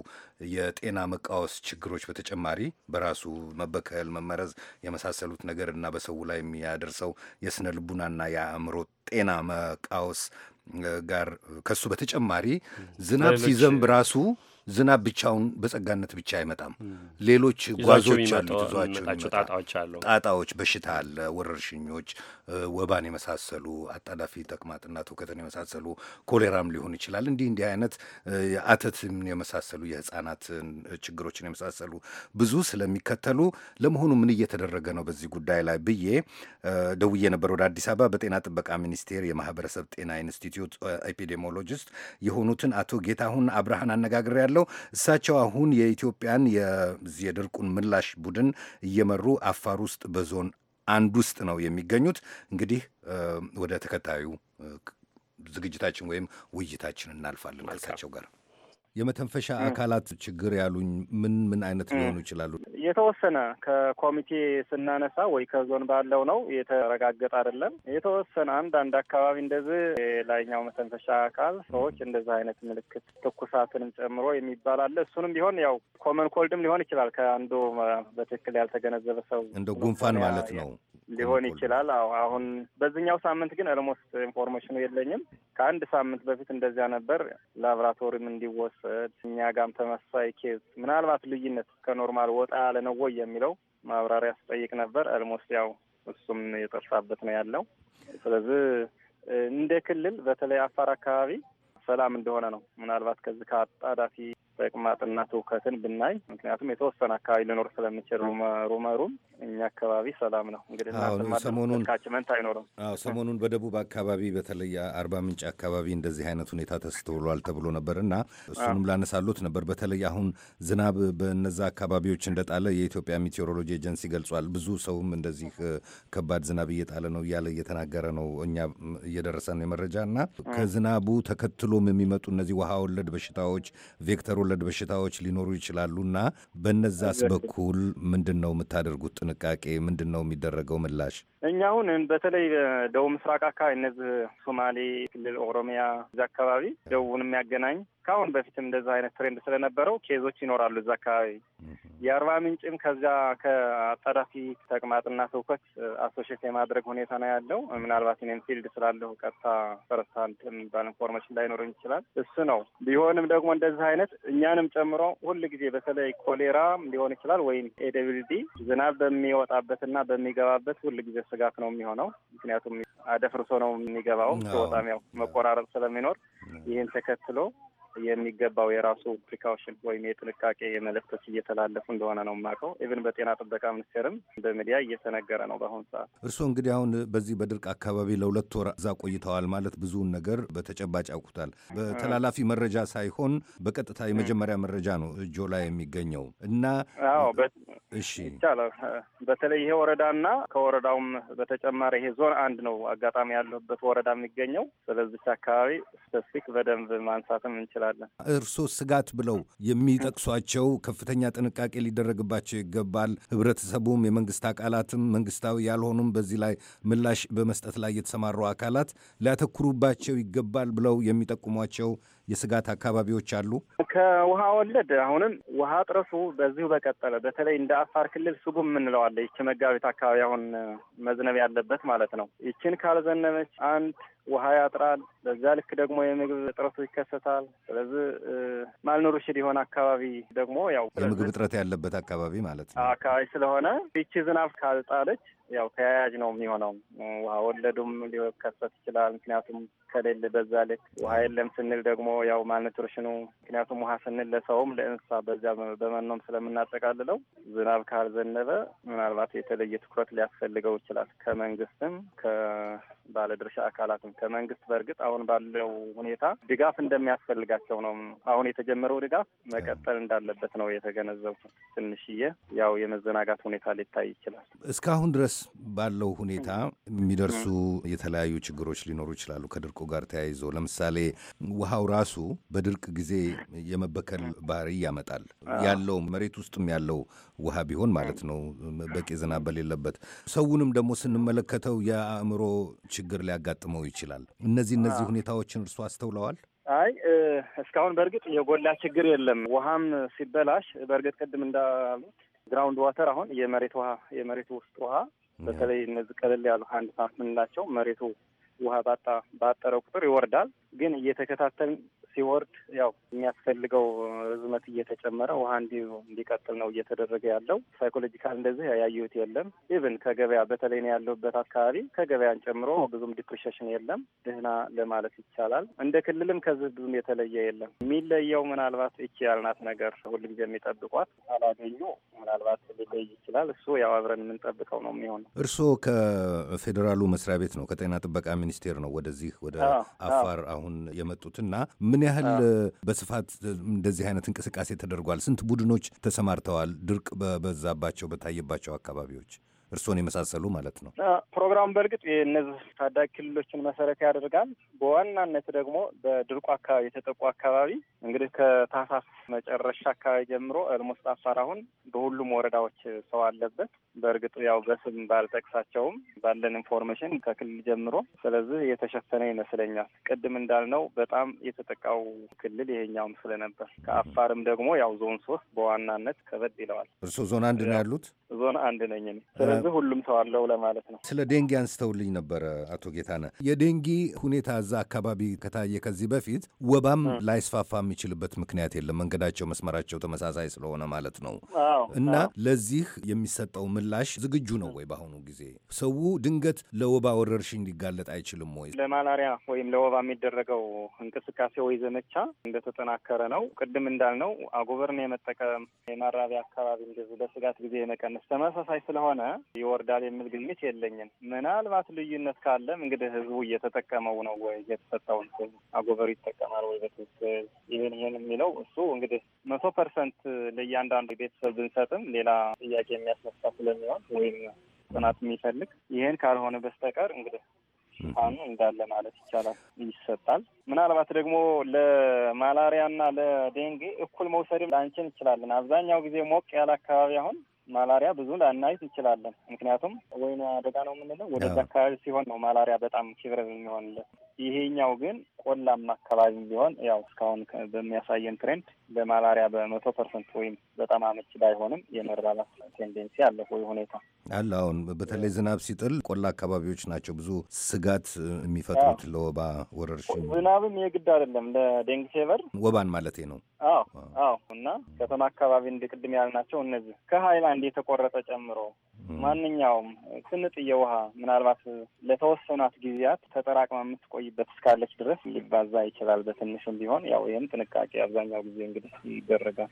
የጤና መቃወስ ችግሮች በተጨማሪ በራሱ መበከል፣ መመረዝ የመሳሰሉት ነገር እና በሰው ላይ የሚያደርሰው የስነ ልቡናና የአእምሮ ጤና መቃወስ ጋር ከሱ በተጨማሪ ዝናብ ሲዘንብ ራሱ ዝናብ ብቻውን በጸጋነት ብቻ አይመጣም። ሌሎች ጓዞች አሉ፣ ይዟቸው ጣጣዎች፣ በሽታ አለ፣ ወረርሽኞች፣ ወባን የመሳሰሉ አጣዳፊ ተቅማጥና ትውከትን የመሳሰሉ ኮሌራም ሊሆን ይችላል። እንዲህ እንዲህ አይነት አተትን የመሳሰሉ የህፃናት ችግሮችን የመሳሰሉ ብዙ ስለሚከተሉ ለመሆኑ ምን እየተደረገ ነው በዚህ ጉዳይ ላይ ብዬ ደውዬ ነበር ወደ አዲስ አበባ በጤና ጥበቃ ሚኒስቴር የማህበረሰብ ጤና ኢንስቲትዩት ኤፒዴሞሎጂስት የሆኑትን አቶ ጌታሁን አብርሃን አነጋግሬያለሁ። ያለው። እሳቸው አሁን የኢትዮጵያን የድርቁን ምላሽ ቡድን እየመሩ አፋር ውስጥ በዞን አንድ ውስጥ ነው የሚገኙት። እንግዲህ ወደ ተከታዩ ዝግጅታችን ወይም ውይይታችን እናልፋለን ከእሳቸው ጋር የመተንፈሻ አካላት ችግር ያሉኝ ምን ምን አይነት ሊሆኑ ይችላሉ? የተወሰነ ከኮሚቴ ስናነሳ ወይ ከዞን ባለው ነው የተረጋገጠ አይደለም። የተወሰነ አንድ አንድ አካባቢ እንደዚህ የላይኛው መተንፈሻ አካል ሰዎች እንደዚህ አይነት ምልክት ትኩሳትንም ጨምሮ የሚባል አለ። እሱንም ቢሆን ያው ኮመን ኮልድም ሊሆን ይችላል። ከአንዱ በትክክል ያልተገነዘበ ሰው እንደ ጉንፋን ማለት ነው ሊሆን ይችላል። አዎ አሁን በዚህኛው ሳምንት ግን አልሞስት ኢንፎርሜሽኑ የለኝም። ከአንድ ሳምንት በፊት እንደዚያ ነበር። ላብራቶሪም እንዲወስ መውሰድ እኛ ጋም ተመሳሳይ ኬዝ ምናልባት ልዩነት ከኖርማል ወጣ ያለ ነው ወይ የሚለው ማብራሪያ ስጠይቅ ነበር። አልሞስት ያው እሱም የጠፋበት ነው ያለው። ስለዚህ እንደ ክልል በተለይ አፋር አካባቢ ሰላም እንደሆነ ነው። ምናልባት ከዚህ ከአጣዳፊ ተቅማጥና ትውከትን ብናይ ምክንያቱም የተወሰነ አካባቢ ልኖር ስለሚችል ሩመሩም እኛ አካባቢ ሰላም ነው። እንግዲህ ሰሞኑን ካችመንት አይኖርም። አዎ ሰሞኑን በደቡብ አካባቢ በተለይ አርባ ምንጭ አካባቢ እንደዚህ አይነት ሁኔታ ተስተውሏል ተብሎ ነበር እና እሱንም ላነሳሉት ነበር። በተለይ አሁን ዝናብ በነዛ አካባቢዎች እንደጣለ የኢትዮጵያ ሚቴዎሮሎጂ ኤጀንሲ ገልጿል። ብዙ ሰውም እንደዚህ ከባድ ዝናብ እየጣለ ነው እያለ እየተናገረ ነው። እኛ እየደረሰ ነው የመረጃ እና ከዝናቡ ተከትሎም የሚመጡ እነዚህ ውሃ ወለድ በሽታዎች ቬክተሩ ወለድ በሽታዎች ሊኖሩ ይችላሉና በነዛስ በኩል ምንድን ነው የምታደርጉት ጥንቃቄ? ምንድን ነው የሚደረገው ምላሽ? እኛ አሁን በተለይ ደቡብ ምስራቅ አካባቢ እነዚህ ሶማሌ ክልል፣ ኦሮሚያ እዚ አካባቢ ደቡቡን የሚያገናኝ ከአሁን በፊትም እንደዛ አይነት ትሬንድ ስለነበረው ኬዞች ይኖራሉ እዛ አካባቢ። የአርባ ምንጭም ከዚያ ከአጣዳፊ ተቅማጥና ትውከት አሶሽት የማድረግ ሁኔታ ነው ያለው። ምናልባት ኔም ፊልድ ስላለሁ ቀጥታ ፈረስታል የሚባል ኢንፎርሜሽን ላይኖረኝ ይችላል። እሱ ነው ቢሆንም ደግሞ እንደዚህ አይነት እኛንም ጨምሮ ሁል ጊዜ በተለይ ኮሌራ ሊሆን ይችላል ወይም ኤደብልዲ ዝናብ በሚወጣበትና በሚገባበት ሁል ጊዜ ስጋት ነው የሚሆነው። ምክንያቱም አደፍርሶ ነው የሚገባው በጣም ያው መቆራረጥ ስለሚኖር ይህን ተከትሎ የሚገባው የራሱ ፕሪካውሽን ወይም የጥንቃቄ መልእክቶች እየተላለፉ እንደሆነ ነው የማውቀው። ኢቭን በጤና ጥበቃ ሚኒስቴርም በሚዲያ እየተነገረ ነው በአሁኑ ሰዓት። እርስዎ እንግዲህ አሁን በዚህ በድርቅ አካባቢ ለሁለት ወር እዛ ቆይተዋል ማለት ብዙውን ነገር በተጨባጭ ያውቁታል። በተላላፊ መረጃ ሳይሆን በቀጥታ የመጀመሪያ መረጃ ነው እጆ ላይ የሚገኘው እና እሺ ይቻላል። በተለይ ይሄ ወረዳና ከወረዳውም በተጨማሪ ይሄ ዞን አንድ ነው አጋጣሚ ያለበት ወረዳ የሚገኘው። ስለዚህ አካባቢ ስፔሲፊክ በደንብ ማንሳትም እንችላል። እንችላለን። እርስዎ ስጋት ብለው የሚጠቅሷቸው ከፍተኛ ጥንቃቄ ሊደረግባቸው ይገባል፣ ህብረተሰቡም፣ የመንግስት አካላትም፣ መንግስታዊ ያልሆኑም በዚህ ላይ ምላሽ በመስጠት ላይ የተሰማሩ አካላት ሊያተኩሩባቸው ይገባል ብለው የሚጠቁሟቸው የስጋት አካባቢዎች አሉ? ከውሃ ወለድ አሁንም ውሃ እጥረቱ በዚሁ በቀጠለ በተለይ እንደ አፋር ክልል ስጉም የምንለዋለ ይቺ መጋቢት አካባቢ አሁን መዝነብ ያለበት ማለት ነው። ይችን ካልዘነበች አንድ ውሃ ያጥራል። በዛ ልክ ደግሞ የምግብ እጥረቱ ይከሰታል። ስለዚህ ማልኑሪሽድ የሆነ አካባቢ ደግሞ ያው የምግብ እጥረት ያለበት አካባቢ ማለት ነው አካባቢ ስለሆነ ይቺ ዝናብ ካልጣለች ያው ተያያዥ ነው የሚሆነው። ውሃ ወለዱም ሊከሰት ይችላል። ምክንያቱም ከሌለ በዛ ልክ ውሃ የለም ስንል ደግሞ ያው ማልኒትሪሽኑ ምክንያቱም ውሃ ስንል ለሰውም ለእንስሳ በዚያ በመኖም ስለምናጠቃልለው ዝናብ ካልዘነበ ምናልባት የተለየ ትኩረት ሊያስፈልገው ይችላል ከመንግስትም ከባለድርሻ አካላትም። ከመንግስት በእርግጥ አሁን ባለው ሁኔታ ድጋፍ እንደሚያስፈልጋቸው ነው። አሁን የተጀመረው ድጋፍ መቀጠል እንዳለበት ነው የተገነዘቡ ትንሽዬ ያው የመዘናጋት ሁኔታ ሊታይ ይችላል። እስካሁን ድረስ ባለው ሁኔታ የሚደርሱ የተለያዩ ችግሮች ሊኖሩ ይችላሉ ከድርቁ ጋር ተያይዞ ለምሳሌ ውሃው ራሱ በድርቅ ጊዜ የመበከል ባህሪ ያመጣል። ያለው መሬት ውስጥም ያለው ውሃ ቢሆን ማለት ነው፣ በቂ ዝናብ በሌለበት። ሰውንም ደግሞ ስንመለከተው የአእምሮ ችግር ሊያጋጥመው ይችላል። እነዚህ እነዚህ ሁኔታዎችን እርሱ አስተውለዋል? አይ እስካሁን በእርግጥ የጎላ ችግር የለም። ውሃም ሲበላሽ በእርግጥ ቅድም እንዳሉት ግራውንድ ዋተር አሁን የመሬት ውሃ የመሬት ውስጥ ውሃ በተለይ እነዚህ ቀለል ያሉ አንድ ሳምንት ምንላቸው መሬቱ ውሃ ባጣ ባጠረ ቁጥር ይወርዳል። ግን እየተከታተልን ሲወርድ ያው የሚያስፈልገው ርዝመት እየተጨመረ ውሃ እንዲ እንዲቀጥል ነው እየተደረገ ያለው። ሳይኮሎጂካል እንደዚህ ያየሁት የለም። ኢቭን ከገበያ በተለይ ነው ያለሁበት አካባቢ ከገበያን ጨምሮ ብዙም ዲፕሬሽን የለም። ድህና ለማለት ይቻላል። እንደ ክልልም ከዚህ ብዙም የተለየ የለም። የሚለየው ምናልባት እቺ ያልናት ነገር ሁል ጊዜ የሚጠብቋት ካላገኙ ምናልባት ሊለይ ይችላል። እሱ ያው አብረን የምንጠብቀው ነው የሚሆነው። እርስዎ ከፌዴራሉ መስሪያ ቤት ነው ከጤና ጥበቃ ሚኒስቴር ነው ወደዚህ ወደ አፋር አሁን የመጡትና ምን ያህል በስፋት እንደዚህ አይነት እንቅስቃሴ ተደርጓል? ስንት ቡድኖች ተሰማርተዋል ድርቅ በበዛባቸው በታየባቸው አካባቢዎች? እርስዎን የመሳሰሉ ማለት ነው። ፕሮግራሙ በእርግጥ የእነዚህ ታዳጊ ክልሎችን መሰረት ያደርጋል። በዋናነት ደግሞ በድርቁ አካባቢ የተጠቁ አካባቢ እንግዲህ ከታህሳስ መጨረሻ አካባቢ ጀምሮ ኦልሞስት አፋር አሁን በሁሉም ወረዳዎች ሰው አለበት። በእርግጥ ያው በስም ባልጠቅሳቸውም ባለን ኢንፎርሜሽን ከክልል ጀምሮ ስለዚህ የተሸፈነ ይመስለኛል። ቅድም እንዳልነው በጣም የተጠቃው ክልል ይሄኛውም ስለነበር ከአፋርም ደግሞ ያው ዞን ሶስት በዋናነት ከበድ ይለዋል። እርስዎ ዞን አንድ ነው ያሉት? ዞን አንድ ነኝ። ስለዚህ ሁሉም ሰው አለው ለማለት ነው። ስለ ዴንጊ አንስተውልኝ ነበረ አቶ ጌታነ። የዴንጊ ሁኔታ እዛ አካባቢ ከታየ ከዚህ በፊት ወባም ላይስፋፋ የሚችልበት ምክንያት የለም። መንገዳቸው፣ መስመራቸው ተመሳሳይ ስለሆነ ማለት ነው። እና ለዚህ የሚሰጠው ምላሽ ዝግጁ ነው ወይ? በአሁኑ ጊዜ ሰው ድንገት ለወባ ወረርሽኝ ሊጋለጥ አይችልም ወይ? ለማላሪያ ወይም ለወባ የሚደረገው እንቅስቃሴ ወይ ዘመቻ እንደተጠናከረ ነው። ቅድም እንዳልነው አጎበርን የመጠቀም የማራቢያ አካባቢ እንደዚህ ለስጋት ጊዜ የመቀነስ ተመሳሳይ ስለሆነ ይወርዳል የሚል ግኝት የለኝም። ምናልባት ልዩነት ካለም እንግዲህ ህዝቡ እየተጠቀመው ነው ወይ እየተሰጠውን አጎበሩ ይጠቀማል ወይ በትክክል ይህን ይህን የሚለው እሱ እንግዲህ መቶ ፐርሰንት ለእያንዳንዱ ቤተሰብ ብንሰጥም ሌላ ጥያቄ የሚያስነሳ ስለሚሆን ወይም ጥናት የሚፈልግ ይህን ካልሆነ በስተቀር እንግዲህ ሽፋኑ እንዳለ ማለት ይቻላል ይሰጣል። ምናልባት ደግሞ ለማላሪያና ለዴንጌ እኩል መውሰድም ላንችን እንችላለን። አብዛኛው ጊዜ ሞቅ ያለ አካባቢ አሁን ማላሪያ ብዙ ላናይት እንችላለን። ምክንያቱም ወይና አደጋ ነው የምንለው ወደዚ አካባቢ ሲሆን ነው ማላሪያ በጣም ሲብረብ የሚሆንለት ይሄኛው ግን ቆላማ አካባቢ ቢሆን ያው እስካሁን በሚያሳየን ትሬንድ በማላሪያ በመቶ ፐርሰንት ወይም በጣም አመቺ ባይሆንም የመራባት ቴንደንሲ አለ ወይ ሁኔታ አለ። አሁን በተለይ ዝናብ ሲጥል ቆላ አካባቢዎች ናቸው ብዙ ስጋት የሚፈጥሩት ለወባ ወረርሽኝ። ዝናብም የግድ አይደለም ለዴንግ ፌቨር ወባን ማለት ነው። አዎ አዎ። እና ከተማ አካባቢ እንደ ቅድም ያልናቸው እነዚህ ከሀይላንድ የተቆረጠ ጨምሮ ማንኛውም ትንጥዬ ውሃ ምናልባት ለተወሰናት ጊዜያት ተጠራቅማ የምትቆይበት እስካለች ድረስ ሊባዛ ይችላል በትንሹም ቢሆን ያው ይህም ጥንቃቄ አብዛኛው ጊዜ እንግዲህ ይደረጋል።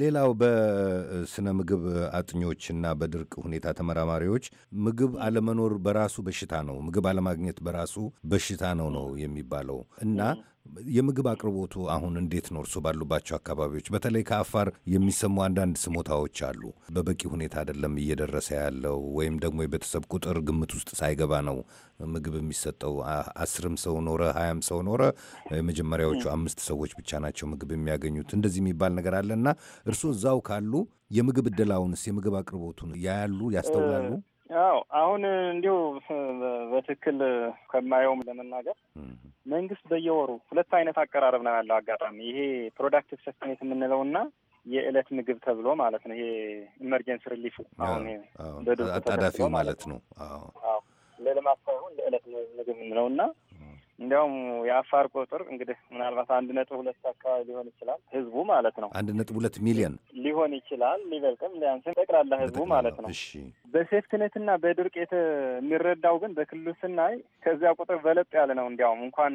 ሌላው በስነ ምግብ አጥኞችና በድርቅ ሁኔታ ተመራማሪዎች ምግብ አለመኖር በራሱ በሽታ ነው፣ ምግብ አለማግኘት በራሱ በሽታ ነው ነው የሚባለው እና የምግብ አቅርቦቱ አሁን እንዴት ነው? እርሶ ባሉባቸው አካባቢዎች በተለይ ከአፋር የሚሰሙ አንዳንድ ስሞታዎች አሉ። በበቂ ሁኔታ አይደለም እየደረሰ ያለው ወይም ደግሞ የቤተሰብ ቁጥር ግምት ውስጥ ሳይገባ ነው ምግብ የሚሰጠው። አስርም ሰው ኖረ፣ ሀያም ሰው ኖረ፣ የመጀመሪያዎቹ አምስት ሰዎች ብቻ ናቸው ምግብ የሚያገኙት። እንደዚህ የሚባል ነገር አለ እና እርሶ እዛው ካሉ የምግብ እደላውንስ የምግብ አቅርቦቱን ያያሉ፣ ያስተውላሉ? አዎ አሁን እንዲሁ በትክክል ከማየውም ለመናገር መንግስት በየወሩ ሁለት አይነት አቀራረብ ነው ያለው። አጋጣሚ ይሄ ፕሮዳክቲቭ ሰስተኔት የምንለው እና የእለት ምግብ ተብሎ ማለት ነው። ይሄ ኢመርጀንስ ሪሊፉ አሁን አጣዳፊው ማለት ነው። አዎ ለልማት ሳይሆን ለዕለት ምግብ የምንለው እና እንዲያውም የአፋር ቁጥር እንግዲህ ምናልባት አንድ ነጥብ ሁለት አካባቢ ሊሆን ይችላል ህዝቡ ማለት ነው። አንድ ነጥብ ሁለት ሚሊዮን ሊሆን ይችላል ሊበልቅም ሊያንስም ጠቅላላ ህዝቡ ማለት ነው። በሴፍትኔት እና በድርቅ የሚረዳው ግን በክልሉ ስናይ ከዚያ ቁጥር በለጥ ያለ ነው። እንዲያውም እንኳን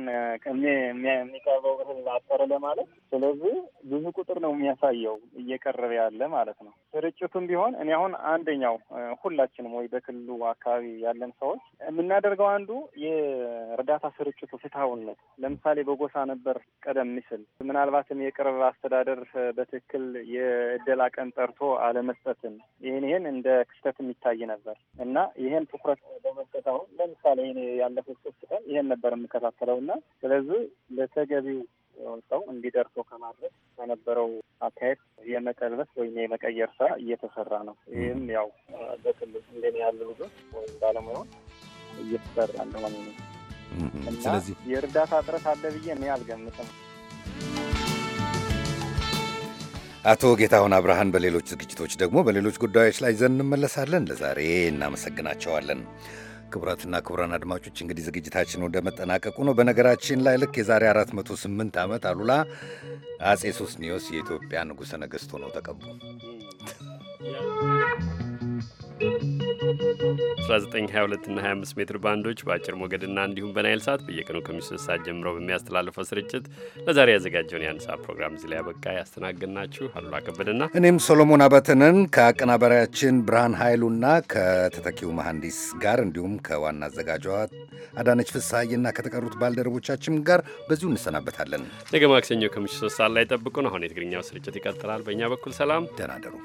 የሚቀርበው እህል አጠረ ለማለት ስለዚህ ብዙ ቁጥር ነው የሚያሳየው እየቀረበ ያለ ማለት ነው። ስርጭቱም ቢሆን እኔ አሁን አንደኛው ሁላችንም ወይ በክልሉ አካባቢ ያለን ሰዎች የምናደርገው አንዱ የእርዳታ ስርጭቱ ፍትሐውነት ለምሳሌ በጎሳ ነበር ቀደም ሲል ምናልባትም የቅርብ አስተዳደር በትክክል የእደላ ቀን ጠርቶ አለመስጠትን ይህን ይህን እንደ ክስተት ይታይ ነበር እና ይሄን ትኩረት በመስጠት አሁን ለምሳሌ ያለፉት ሶስት ቀን ይሄን ነበር የምከታተለው እና ስለዚህ ለተገቢው ሰው እንዲደርሰው ከማድረግ በነበረው አካሄድ የመቀልበስ ወይም የመቀየር ስራ እየተሰራ ነው። ይህም ያው በክልል እንደኔ ያሉ ልጆች ወይም ባለሙያዎች እየተሰራ እንደሆነ ነው። ስለዚህ የእርዳታ እጥረት አለ ብዬ እኔ አልገምትም። አቶ ጌታሁን አብርሃን በሌሎች ዝግጅቶች ደግሞ በሌሎች ጉዳዮች ላይ ይዘን እንመለሳለን። ለዛሬ እናመሰግናቸዋለን። ክቡራትና ክቡራን አድማጮች እንግዲህ ዝግጅታችን ወደ መጠናቀቁ ነው። በነገራችን ላይ ልክ የዛሬ 408 ዓመት አሉላ አጼ ሶስኒዮስ የኢትዮጵያ ንጉሠ ነገሥት ሆነው ተቀቡ። በ1922 እና 25 ሜትር ባንዶች በአጭር ሞገድና እንዲሁም በናይል ሰዓት በየቀኑ ከሚሶስት ሰዓት ጀምሮ በሚያስተላልፈው ስርጭት ለዛሬ ያዘጋጀውን የአንድ ሰዓት ፕሮግራም እዚህ ላይ ያበቃ። ያስተናግናችሁ አሉላ ከበደና እኔም ሶሎሞን አበትንን ከአቀናባሪያችን ብርሃን ኃይሉና ከተተኪው መሐንዲስ ጋር እንዲሁም ከዋና አዘጋጇ አዳነች ፍስሐዬና ከተቀሩት ባልደረቦቻችን ጋር በዚሁ እንሰናበታለን። ነገ ማክሰኞ ከምሽቱ ሶስት ሰዓት ላይ ጠብቁን። አሁን የትግርኛው ስርጭት ይቀጥላል። በእኛ በኩል ሰላም፣ ደህና ደሩ።